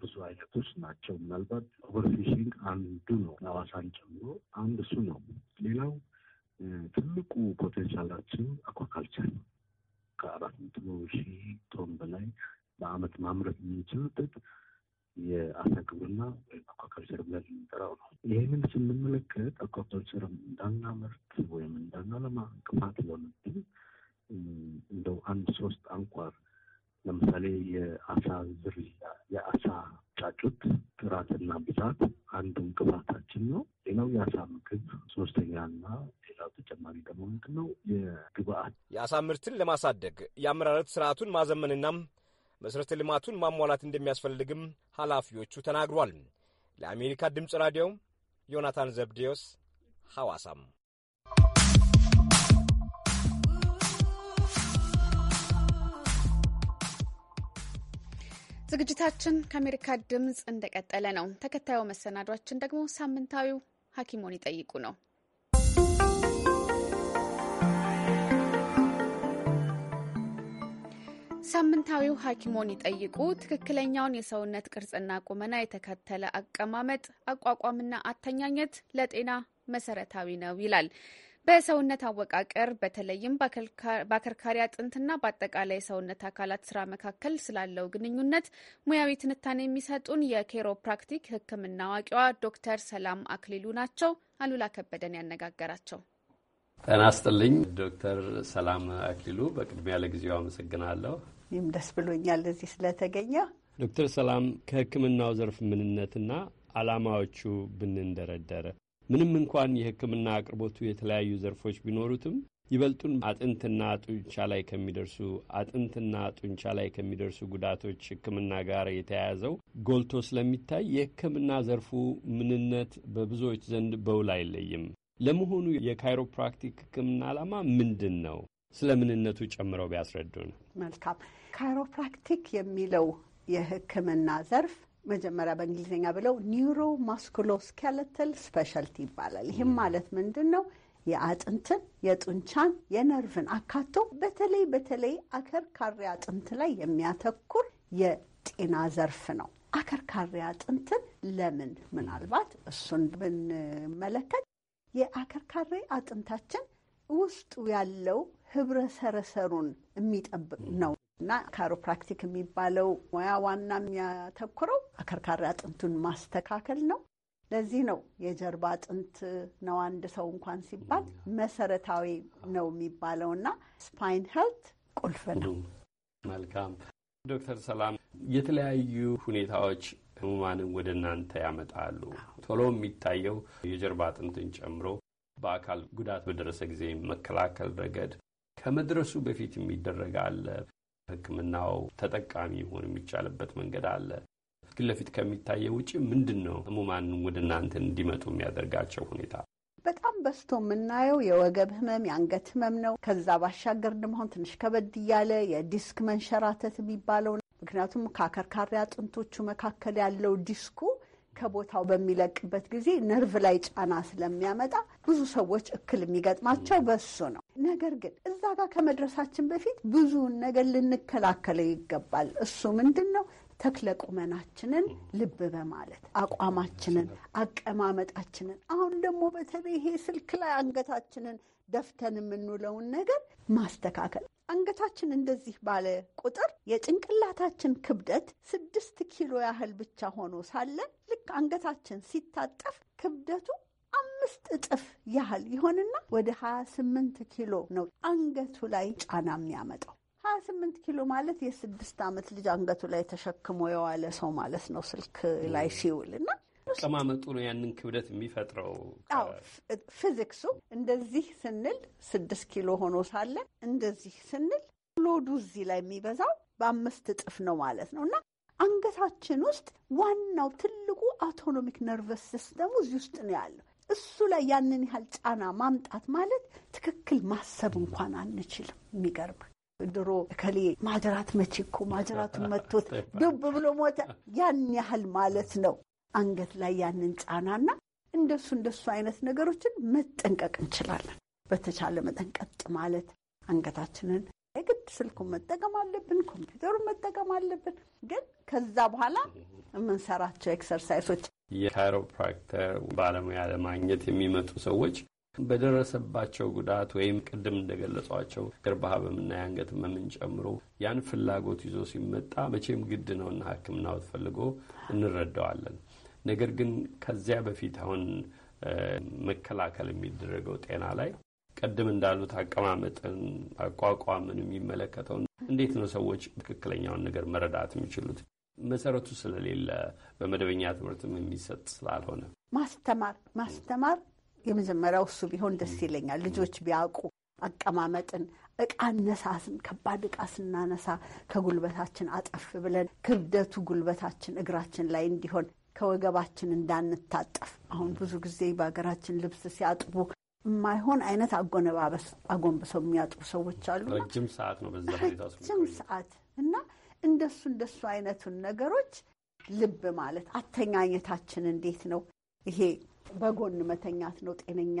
ብዙ አይነቶች ናቸው። ምናልባት ኦቨርፊሽንግ አንዱ ነው፣ ሐዋሳን ጨምሮ አንድ እሱ ነው። ሌላው ትልቁ ፖቴንሻላችን አኳካልቸር ነው። ከአራት መቶ ሺህ ቶን በላይ በአመት ማምረት የምንችልበት የአሳ ግብርና ወይም አኳካልቸር ብለን የምንጠራው ነው። ይህንን ስንመለከት አኳካልቸር እንዳናመርት ወይም እንዳናለማ እንቅፋት ለሆነብን እንደው አንድ ሶስት አንኳር ለምሳሌ የአሳ ዝርያ፣ የአሳ ጫጩት ጥራትና ብዛት አንዱ እንቅፋታችን ነው። ሌላው የአሳ ምግብ ሶስተኛና ሌላው ተጨማሪ ደግሞ ምንድን ነው የግብአት የአሳ ምርትን ለማሳደግ የአመራረት ስርዓቱን ማዘመንናም መሠረተ ልማቱን ማሟላት እንደሚያስፈልግም ኃላፊዎቹ ተናግሯል። ለአሜሪካ ድምፅ ራዲዮ ዮናታን ዘብዴዎስ ሐዋሳም ዝግጅታችን ከአሜሪካ ድምፅ እንደቀጠለ ነው። ተከታዩ መሰናዷችን ደግሞ ሳምንታዊው ሐኪሞን ይጠይቁ ነው። ሳምንታዊው ሐኪሞን ይጠይቁ ትክክለኛውን የሰውነት ቅርጽና ቁመና የተከተለ አቀማመጥ፣ አቋቋምና አተኛኘት ለጤና መሰረታዊ ነው ይላል። በሰውነት አወቃቀር በተለይም በአከርካሪ አጥንትና በአጠቃላይ የሰውነት አካላት ስራ መካከል ስላለው ግንኙነት ሙያዊ ትንታኔ የሚሰጡን የኬሮፕራክቲክ ሕክምና አዋቂዋ ዶክተር ሰላም አክሊሉ ናቸው። አሉላ ከበደን ያነጋገራቸው። ጤና ይስጥልኝ ዶክተር ሰላም አክሊሉ፣ በቅድሚያ ለጊዜው አመሰግናለሁ። እኔም ደስ ብሎኛል እዚህ ስለተገኘ። ዶክተር ሰላም ከሕክምናው ዘርፍ ምንነትና አላማዎቹ ብንንደረደረ ምንም እንኳን የሕክምና አቅርቦቱ የተለያዩ ዘርፎች ቢኖሩትም ይበልጡን አጥንትና ጡንቻ ላይ ከሚደርሱ አጥንትና ጡንቻ ላይ ከሚደርሱ ጉዳቶች ሕክምና ጋር የተያያዘው ጎልቶ ስለሚታይ የሕክምና ዘርፉ ምንነት በብዙዎች ዘንድ በውል አይለይም። ለመሆኑ የካይሮፕራክቲክ ሕክምና ዓላማ ምንድን ነው? ስለ ምንነቱ ጨምረው ቢያስረዱን። መልካም። ካይሮፕራክቲክ የሚለው የሕክምና ዘርፍ መጀመሪያ በእንግሊዝኛ ብለው ኒውሮ ማስኩሎስኬለተል ስፔሻልቲ ይባላል። ይህም ማለት ምንድን ነው? የአጥንትን፣ የጡንቻን፣ የነርቭን አካቶ በተለይ በተለይ አከርካሪ አጥንት ላይ የሚያተኩር የጤና ዘርፍ ነው። አከርካሪ አጥንትን ለምን ምናልባት እሱን ብንመለከት የአከርካሪ አጥንታችን ውስጡ ያለው ህብረ ሰረሰሩን የሚጠብቅ ነው። እና ካይሮፕራክቲክ የሚባለው ሙያ ዋና የሚያተኩረው አከርካሪ አጥንቱን ማስተካከል ነው። ለዚህ ነው የጀርባ አጥንት ነው አንድ ሰው እንኳን ሲባል መሰረታዊ ነው የሚባለው እና ስፓይን ሄልት ቁልፍ ነው። መልካም ዶክተር ሰላም የተለያዩ ሁኔታዎች ህሙማንን ወደ እናንተ ያመጣሉ። ቶሎ የሚታየው የጀርባ አጥንትን ጨምሮ በአካል ጉዳት በደረሰ ጊዜ መከላከል ረገድ ከመድረሱ በፊት የሚደረግ አለ። ሕክምናው ተጠቃሚ ሆን የሚቻልበት መንገድ አለ። ፊት ለፊት ከሚታየው ውጭ ምንድን ነው ህሙማን ወደ እናንተ እንዲመጡ የሚያደርጋቸው ሁኔታ? በጣም በስቶ የምናየው የወገብ ህመም፣ የአንገት ህመም ነው። ከዛ ባሻገር ደግሞ አሁን ትንሽ ከበድ እያለ የዲስክ መንሸራተት የሚባለው ምክንያቱም ከአከርካሪ አጥንቶቹ መካከል ያለው ዲስኩ ከቦታው በሚለቅበት ጊዜ ነርቭ ላይ ጫና ስለሚያመጣ ብዙ ሰዎች እክል የሚገጥማቸው በሱ ነው። ነገር ግን እዛ ጋር ከመድረሳችን በፊት ብዙውን ነገር ልንከላከለው ይገባል። እሱ ምንድን ነው? ተክለ ቁመናችንን ልብ በማለት አቋማችንን፣ አቀማመጣችንን አሁን ደግሞ በተለይ ይሄ ስልክ ላይ አንገታችንን ደፍተን የምንውለውን ነገር ማስተካከል አንገታችን እንደዚህ ባለ ቁጥር የጭንቅላታችን ክብደት ስድስት ኪሎ ያህል ብቻ ሆኖ ሳለ ልክ አንገታችን ሲታጠፍ ክብደቱ አምስት እጥፍ ያህል ይሆንና ወደ 28 ኪሎ ነው አንገቱ ላይ ጫና የሚያመጣው። 28 ኪሎ ማለት የስድስት ዓመት ልጅ አንገቱ ላይ ተሸክሞ የዋለ ሰው ማለት ነው ስልክ ላይ ሲውል እና አቀማመጡ ነው ያንን ክብደት የሚፈጥረው። ፊዚክሱ እንደዚህ ስንል ስድስት ኪሎ ሆኖ ሳለ እንደዚህ ስንል ሎዱ እዚህ ላይ የሚበዛው በአምስት እጥፍ ነው ማለት ነው እና አንገታችን ውስጥ ዋናው ትልቁ አውቶኖሚክ ነርቨስ ሲስተሙ እዚህ ውስጥ ነው ያለው። እሱ ላይ ያንን ያህል ጫና ማምጣት ማለት ትክክል ማሰብ እንኳን አንችልም። የሚገርም ድሮ እከሌ ማጅራት መቼ እኮ ማጅራቱን መቶት (laughs) ዱብ ብሎ ሞተ፣ ያን ያህል ማለት ነው አንገት ላይ ያንን ጫናና እንደሱ እንደሱ አይነት ነገሮችን መጠንቀቅ እንችላለን። በተቻለ መጠን ቀጥ ማለት አንገታችንን የግድ ስልኩን መጠቀም አለብን፣ ኮምፒውተሩን መጠቀም አለብን። ግን ከዛ በኋላ የምንሰራቸው ኤክሰርሳይሶች የካይሮፕራክተር ባለሙያ ለማግኘት የሚመጡ ሰዎች በደረሰባቸው ጉዳት ወይም ቅድም እንደገለጿቸው ጀርባ ሐመምና የአንገት ሕመምን ጨምሮ ያን ፍላጎት ይዞ ሲመጣ መቼም ግድ ነውና ሕክምናው ተፈልጎ እንረዳዋለን። ነገር ግን ከዚያ በፊት አሁን መከላከል የሚደረገው ጤና ላይ ቅድም እንዳሉት አቀማመጥን፣ አቋቋምን የሚመለከተውን እንዴት ነው ሰዎች ትክክለኛውን ነገር መረዳት የሚችሉት? መሰረቱ ስለሌለ በመደበኛ ትምህርትም የሚሰጥ ስላልሆነ ማስተማር ማስተማር የመጀመሪያው እሱ ቢሆን ደስ ይለኛል። ልጆች ቢያውቁ አቀማመጥን እቃ አነሳስን ከባድ እቃ ስናነሳ ከጉልበታችን አጠፍ ብለን ክብደቱ ጉልበታችን እግራችን ላይ እንዲሆን ከወገባችን እንዳንታጠፍ። አሁን ብዙ ጊዜ በሀገራችን ልብስ ሲያጥቡ የማይሆን አይነት አጎነባበስ አጎንብሰው የሚያጥቡ ሰዎች አሉ። ረጅም ሰዓት ነው በዛ ረጅም ሰዓት እና እንደሱ እንደሱ አይነቱን ነገሮች ልብ ማለት አተኛኘታችን እንዴት ነው? ይሄ በጎን መተኛት ነው ጤነኛ።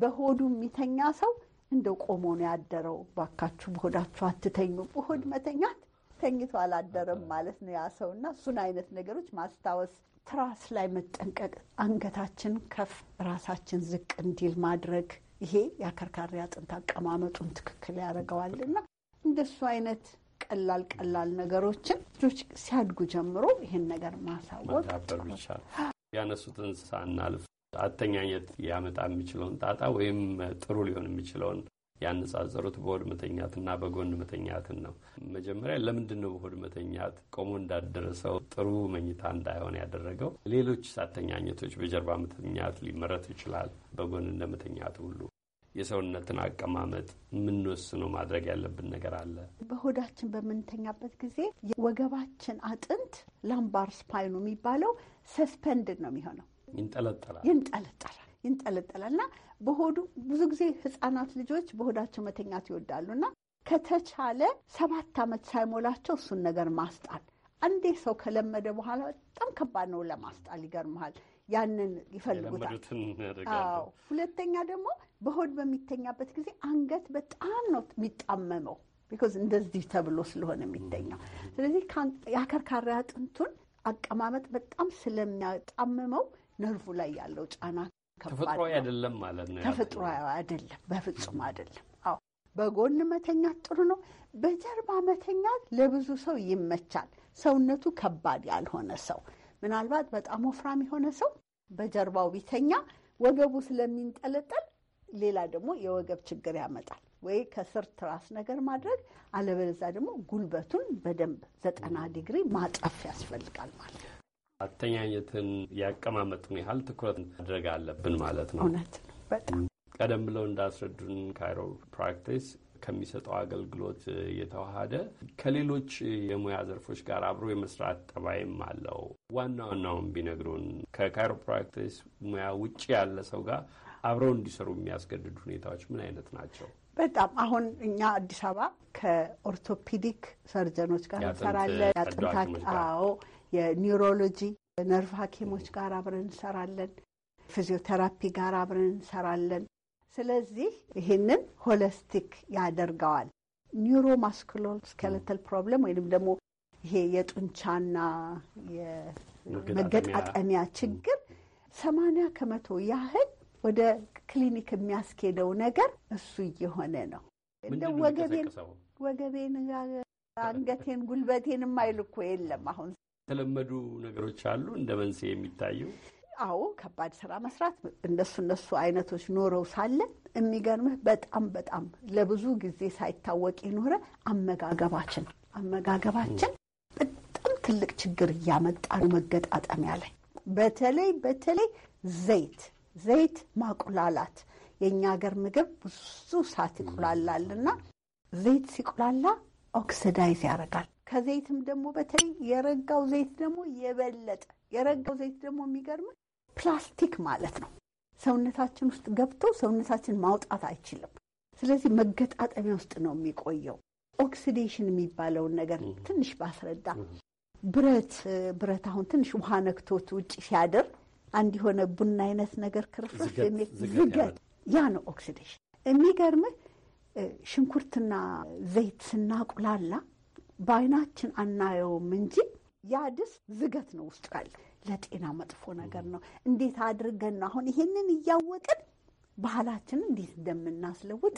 በሆዱ የሚተኛ ሰው እንደው ቆሞ ነው ያደረው። ባካችሁ በሆዳችሁ አትተኙ። በሆድ መተኛት ተኝቶ አላደረም ማለት ነው ያ ሰው እና እሱን አይነት ነገሮች ማስታወስ ትራስ ላይ መጠንቀቅ፣ አንገታችን ከፍ ራሳችን ዝቅ እንዲል ማድረግ፣ ይሄ የአከርካሪ አጥንት አቀማመጡን ትክክል ያደርገዋልና እንደሱ አይነት ቀላል ቀላል ነገሮችን ልጆች ሲያድጉ ጀምሮ ይህን ነገር ማሳወቅ ያነሱትን ሳናልፍ አተኛኘት ያመጣ የሚችለውን ጣጣ ወይም ጥሩ ሊሆን የሚችለውን ያነጻጸሩት በሆድ መተኛትና በጎን መተኛትን ነው። መጀመሪያ ለምንድን ነው በሆድ መተኛት ቆሞ እንዳደረሰው ጥሩ መኝታ እንዳይሆን ያደረገው? ሌሎች ሳተኛኘቶች በጀርባ መተኛት ሊመረት ይችላል። በጎን እንደመተኛት ሁሉ የሰውነትን አቀማመጥ የምንወስነው ማድረግ ያለብን ነገር አለ። በሆዳችን በምንተኛበት ጊዜ ወገባችን አጥንት ላምባር ስፓይኑ የሚባለው ሰስፐንድን ነው የሚሆነው፣ ይንጠለጠላል ይንጠለጠላል ይንጠለጠላልና በሆዱ ብዙ ጊዜ ህጻናት ልጆች በሆዳቸው መተኛት ይወዳሉና ከተቻለ ሰባት ዓመት ሳይሞላቸው እሱን ነገር ማስጣል አንዴ ሰው ከለመደ በኋላ በጣም ከባድ ነው ለማስጣል። ይገርመሃል። ያንን ይፈልጉታል። ሁለተኛ ደግሞ በሆድ በሚተኛበት ጊዜ አንገት በጣም ነው የሚጣመመው፣ ቢኮዝ እንደዚህ ተብሎ ስለሆነ የሚተኛው። ስለዚህ የአከርካሪ አጥንቱን አቀማመጥ በጣም ስለሚያጣምመው ነርቭ ላይ ያለው ጫና ተፈጥሮ አይደለም ማለት ነው። ተፈጥሮ አይደለም፣ በፍጹም አይደለም። አዎ በጎን መተኛት ጥሩ ነው። በጀርባ መተኛት ለብዙ ሰው ይመቻል። ሰውነቱ ከባድ ያልሆነ ሰው፣ ምናልባት በጣም ወፍራም የሆነ ሰው በጀርባው ቢተኛ ወገቡ ስለሚንጠለጠል ሌላ ደግሞ የወገብ ችግር ያመጣል። ወይ ከስር ትራስ ነገር ማድረግ አለበለዛ ደግሞ ጉልበቱን በደንብ ዘጠና ዲግሪ ማጠፍ ያስፈልጋል ማለት ነው። አተኛኘትን ያቀማመጡን ያህል ትኩረት ማድረግ አለብን ማለት ነው። እውነት ነው። በጣም ቀደም ብለው እንዳስረዱን ካይሮ ፕራክቲስ ከሚሰጠው አገልግሎት የተዋሃደ ከሌሎች የሙያ ዘርፎች ጋር አብሮ የመስራት ጠባይም አለው። ዋና ዋናውን ቢነግሩን ከካይሮፕራክቲስ ሙያ ውጭ ያለ ሰው ጋር አብረው እንዲሰሩ የሚያስገድዱ ሁኔታዎች ምን አይነት ናቸው? በጣም አሁን እኛ አዲስ አበባ ከኦርቶፒዲክ ሰርጀኖች ጋር እንሰራለን። ያጥንታት የኒውሮሎጂ ነርቭ ሐኪሞች ጋር አብረን እንሰራለን። ፊዚዮቴራፒ ጋር አብረን እንሰራለን። ስለዚህ ይህንን ሆለስቲክ ያደርገዋል። ኒውሮማስኩሎ ስኬለተል ፕሮብለም ወይንም ደግሞ ይሄ የጡንቻና የመገጣጠሚያ ችግር ሰማንያ ከመቶ ያህል ወደ ክሊኒክ የሚያስኬደው ነገር እሱ እየሆነ ነው። እንደ ወገቤን ወገቤን፣ አንገቴን፣ ጉልበቴን የማይል እኮ የለም አሁን የተለመዱ ነገሮች አሉ እንደ መንስኤ የሚታዩ አዎ፣ ከባድ ስራ መስራት እነሱ እነሱ አይነቶች ኖረው ሳለ የሚገርምህ በጣም በጣም ለብዙ ጊዜ ሳይታወቅ የኖረ አመጋገባችን አመጋገባችን በጣም ትልቅ ችግር እያመጣ ነው። መገጣጠሚያ ላይ በተለይ በተለይ ዘይት ዘይት ማቁላላት የእኛ ሀገር ምግብ ብዙ ሰዓት ይቁላላልና ዘይት ሲቁላላ ኦክሲዳይዝ ያደርጋል። ከዘይትም ደግሞ በተለይ የረጋው ዘይት ደግሞ የበለጠ የረጋው ዘይት ደግሞ የሚገርም ፕላስቲክ ማለት ነው። ሰውነታችን ውስጥ ገብቶ ሰውነታችን ማውጣት አይችልም። ስለዚህ መገጣጠሚያ ውስጥ ነው የሚቆየው። ኦክሲዴሽን የሚባለውን ነገር ትንሽ ባስረዳ፣ ብረት ብረት አሁን ትንሽ ውሃ ነክቶት ውጭ ሲያድር አንድ የሆነ ቡና አይነት ነገር ክርፍርፍ ዝገት፣ ያ ነው ኦክሲዴሽን። የሚገርምህ ሽንኩርትና ዘይት ስናቁላላ በአይናችን አናየውም እንጂ ያ ድስ ዝገት ነው ውስጥ ያለው። ለጤና መጥፎ ነገር ነው። እንዴት አድርገን አሁን ይሄንን እያወቅን ባህላችን እንዴት እንደምናስለውጥ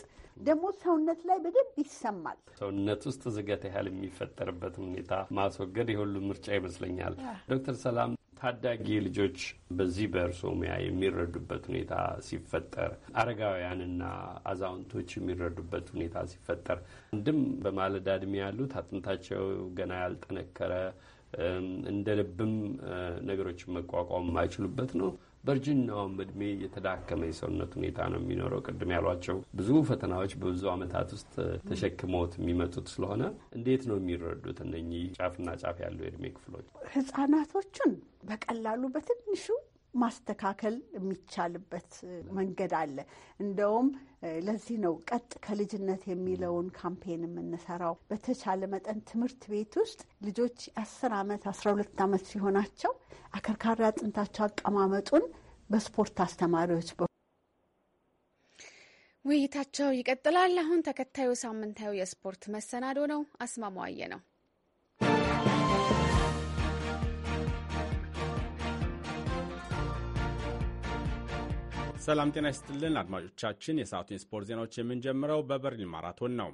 ደግሞ ሰውነት ላይ በደንብ ይሰማል። ሰውነት ውስጥ ዝገት ያህል የሚፈጠርበትን ሁኔታ ማስወገድ የሁሉም ምርጫ ይመስለኛል። ዶክተር ሰላም ታዳጊ ልጆች በዚህ በእርሶ ሙያ የሚረዱበት ሁኔታ ሲፈጠር፣ አረጋውያንና አዛውንቶች የሚረዱበት ሁኔታ ሲፈጠር፣ አንድም በማለዳ እድሜ ያሉት አጥንታቸው ገና ያልጠነከረ እንደ ልብም ነገሮችን መቋቋም የማይችሉበት ነው። በእርጅናውም እድሜ የተዳከመ የሰውነት ሁኔታ ነው የሚኖረው። ቅድም ያሏቸው ብዙ ፈተናዎች በብዙ ዓመታት ውስጥ ተሸክመውት የሚመጡት ስለሆነ እንዴት ነው የሚረዱት እነኚህ ጫፍና ጫፍ ያሉ የእድሜ ክፍሎች ህጻናቶቹን በቀላሉ በትንሹ ማስተካከል የሚቻልበት መንገድ አለ። እንደውም ለዚህ ነው ቀጥ ከልጅነት የሚለውን ካምፔን የምንሰራው። በተቻለ መጠን ትምህርት ቤት ውስጥ ልጆች አስር ዓመት አስራ ሁለት ዓመት ሲሆናቸው አከርካሪ አጥንታቸው አቀማመጡን በስፖርት አስተማሪዎች ውይይታቸው ይቀጥላል። አሁን ተከታዩ ሳምንታዊ የስፖርት መሰናዶ ነው። አስማማዋየ ነው። ሰላም ጤና ይስጥልን አድማጮቻችን፣ የሰዓቱን ስፖርት ዜናዎች የምንጀምረው በበርሊን ማራቶን ነው።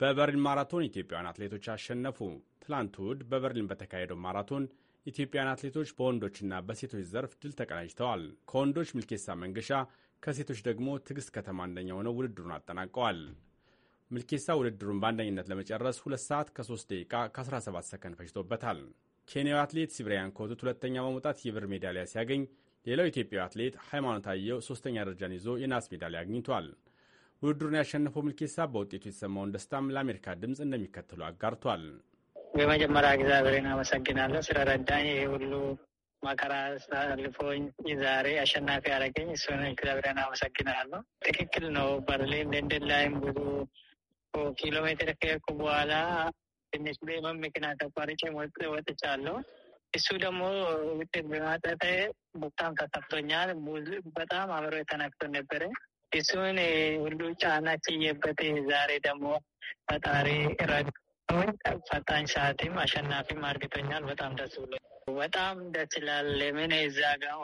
በበርሊን ማራቶን ኢትዮጵያውያን አትሌቶች አሸነፉ። ትላንት እሁድ በበርሊን በተካሄደው ማራቶን ኢትዮጵያውያን አትሌቶች በወንዶችና በሴቶች ዘርፍ ድል ተቀናጅተዋል። ከወንዶች ምልኬሳ መንገሻ፣ ከሴቶች ደግሞ ትዕግስት ከተማ አንደኛ ሆነው ውድድሩን አጠናቀዋል። ምልኬሳ ውድድሩን በአንደኝነት ለመጨረስ 2 ሰዓት ከ3 ደቂቃ ከ17 ሰከንድ ፈጅቶበታል። ኬንያዊ አትሌት ሲብሪያን ኮቱት ሁለተኛ በመውጣት የብር ሜዳሊያ ሲያገኝ ሌላው ኢትዮጵያዊ አትሌት ሃይማኖት አየው ሶስተኛ ደረጃን ይዞ የናስ ሜዳሊያ አግኝቷል። ውድድሩን ያሸነፈው ምልኬሳ በውጤቱ የተሰማውን ደስታም ለአሜሪካ ድምፅ እንደሚከተሉ አጋርቷል። በመጀመሪያ እግዚአብሔርን አመሰግናለሁ ስለረዳኝ ይህ ሁሉ መከራ አሳልፎኝ ዛሬ አሸናፊ ያደረገኝ እሱን እግዚአብሔርን አመሰግናለሁ። ትክክል ነው። በርሊን ለንደን ላይም ብዙ ኪሎ ሜትር ከሄድኩ በኋላ ትንሽ በህመም ምክንያት ተቋርጬ ወጥቻለሁ። እሱ ደግሞ ውጤት በማጠጠ በጣም ተሰብቶኛል። በጣም አብሮ የተነክቶ ነበረ። እሱን ሁሉ ጫና ችዬበት ዛሬ ደግሞ ፈጣሪ ረድቶኝ ፈጣን ሰዓትም አሸናፊም አድርግቶኛል። በጣም ደስ ብሎ በጣም ደስ ይላል። ምን እዛ ጋር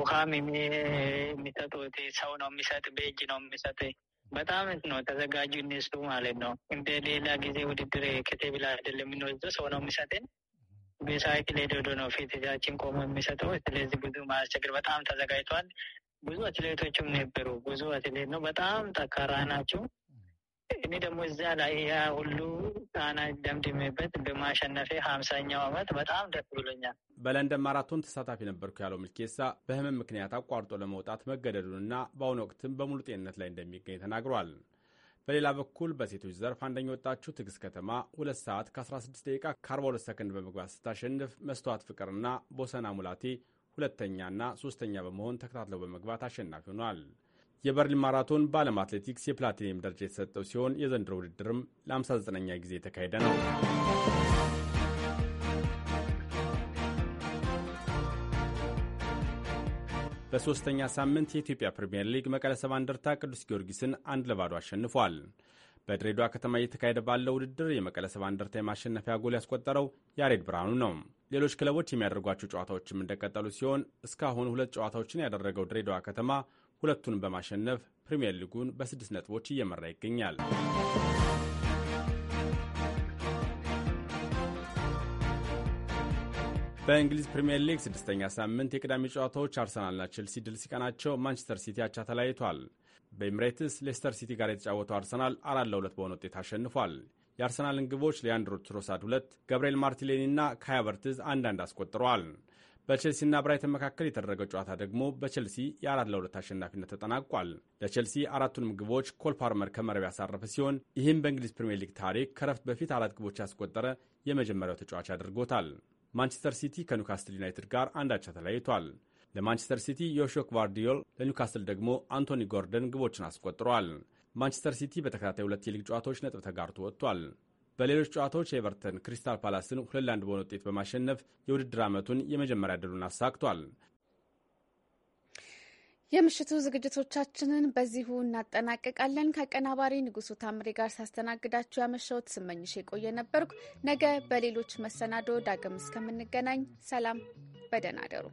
ውሃም የሚሰጡት ሰው ነው የሚሰጥ በእጅ ነው የሚሰጥ በጣም ነው ተዘጋጁ እነሱ ማለት ነው። እንደ ሌላ ጊዜ ውድድር ከቴብላ አይደለም የምንወስደው ሰው ነው የሚሰጥን ሳይክል ሄዶ ነው ፊት ፊትጃችን ቆሞ የሚሰጠው። ስለዚህ ብዙ ማስቸግር በጣም ተዘጋጅቷል። ብዙ አትሌቶችም ነበሩ። ብዙ አትሌት ነው። በጣም ጠካራ ናቸው። እኔ ደግሞ እዚያ ላይ ያ ሁሉ ጣና ደምድሜበት በማሸነፌ ሀምሳኛው አመት በጣም ደስ ብሎኛል። በለንደን ማራቶን ተሳታፊ ነበርኩ ያለው ምልኬሳ በህመም ምክንያት አቋርጦ ለመውጣት መገደዱንና በአሁኑ ወቅትም በሙሉ ጤንነት ላይ እንደሚገኝ ተናግሯል። በሌላ በኩል በሴቶች ዘርፍ አንደኛ የወጣችው ትዕግስት ከተማ ሁለት ሰዓት ከ16 ደቂቃ ከ42 ሰከንድ በመግባት ስታሸንፍ መስተዋት ፍቅርና ቦሰና ሙላቴ ሁለተኛና ሶስተኛ በመሆን ተከታትለው በመግባት አሸናፊ ሆኗል። የበርሊን ማራቶን በዓለም አትሌቲክስ የፕላቲኒየም ደረጃ የተሰጠው ሲሆን የዘንድሮ ውድድርም ለ59ኛ ጊዜ የተካሄደ ነው። በሦስተኛ ሳምንት የኢትዮጵያ ፕሪምየር ሊግ መቀለ ሰባ እንደርታ ቅዱስ ጊዮርጊስን አንድ ለባዶ አሸንፏል። በድሬዳዋ ከተማ እየተካሄደ ባለው ውድድር የመቀለ ሰባ እንደርታ የማሸነፊያ ጎል ያስቆጠረው ያሬድ ብርሃኑ ነው። ሌሎች ክለቦች የሚያደርጓቸው ጨዋታዎችም እንደቀጠሉ ሲሆን እስካሁን ሁለት ጨዋታዎችን ያደረገው ድሬዳዋ ከተማ ሁለቱን በማሸነፍ ፕሪምየር ሊጉን በስድስት ነጥቦች እየመራ ይገኛል። በእንግሊዝ ፕሪምየር ሊግ ስድስተኛ ሳምንት የቅዳሜ ጨዋታዎች አርሰናልና ቼልሲ ድል ሲቀናቸው ማንቸስተር ሲቲ አቻ ተለያይቷል። በኤምሬትስ ሌስተር ሲቲ ጋር የተጫወተው አርሰናል አራት ለሁለት በሆነ ውጤት አሸንፏል። የአርሰናልን ግቦች ሊያንድሮ ትሮሳድ ሁለት፣ ገብርኤል ማርቲኔሊና ካይ ሃቨርትዝ አንዳንድ አስቆጥረዋል። በቼልሲና ብራይተን መካከል የተደረገው ጨዋታ ደግሞ በቼልሲ የአራት ለሁለት አሸናፊነት ተጠናቋል። ለቼልሲ አራቱንም ግቦች ኮል ከመረብ ያሳረፈ ሲሆን ይህም በእንግሊዝ ፕሪምየር ሊግ ታሪክ ከረፍት በፊት አራት ግቦች ያስቆጠረ የመጀመሪያው ተጫዋች አድርጎታል። ማንቸስተር ሲቲ ከኒውካስትል ዩናይትድ ጋር አንዳቻ ተለያይቷል። ለማንቸስተር ሲቲ ዮሾክ ቫርዲዮል፣ ለኒውካስትል ደግሞ አንቶኒ ጎርደን ግቦችን አስቆጥረዋል። ማንቸስተር ሲቲ በተከታታይ ሁለት የሊግ ጨዋታዎች ነጥብ ተጋርቶ ወጥቷል። በሌሎች ጨዋታዎች ኤቨርተን ክሪስታል ፓላስን ሁለት ለአንድ በሆነ ውጤት በማሸነፍ የውድድር ዓመቱን የመጀመሪያ ድሉን አሳክቷል። የምሽቱ ዝግጅቶቻችንን በዚሁ እናጠናቀቃለን። ከአቀናባሪ ንጉሱ ታምሬ ጋር ሳስተናግዳችሁ ያመሸሁት ስመኝሽ የቆየ ነበርኩ። ነገ በሌሎች መሰናዶ ዳግም እስከምንገናኝ ሰላም፣ በደህና አደሩ።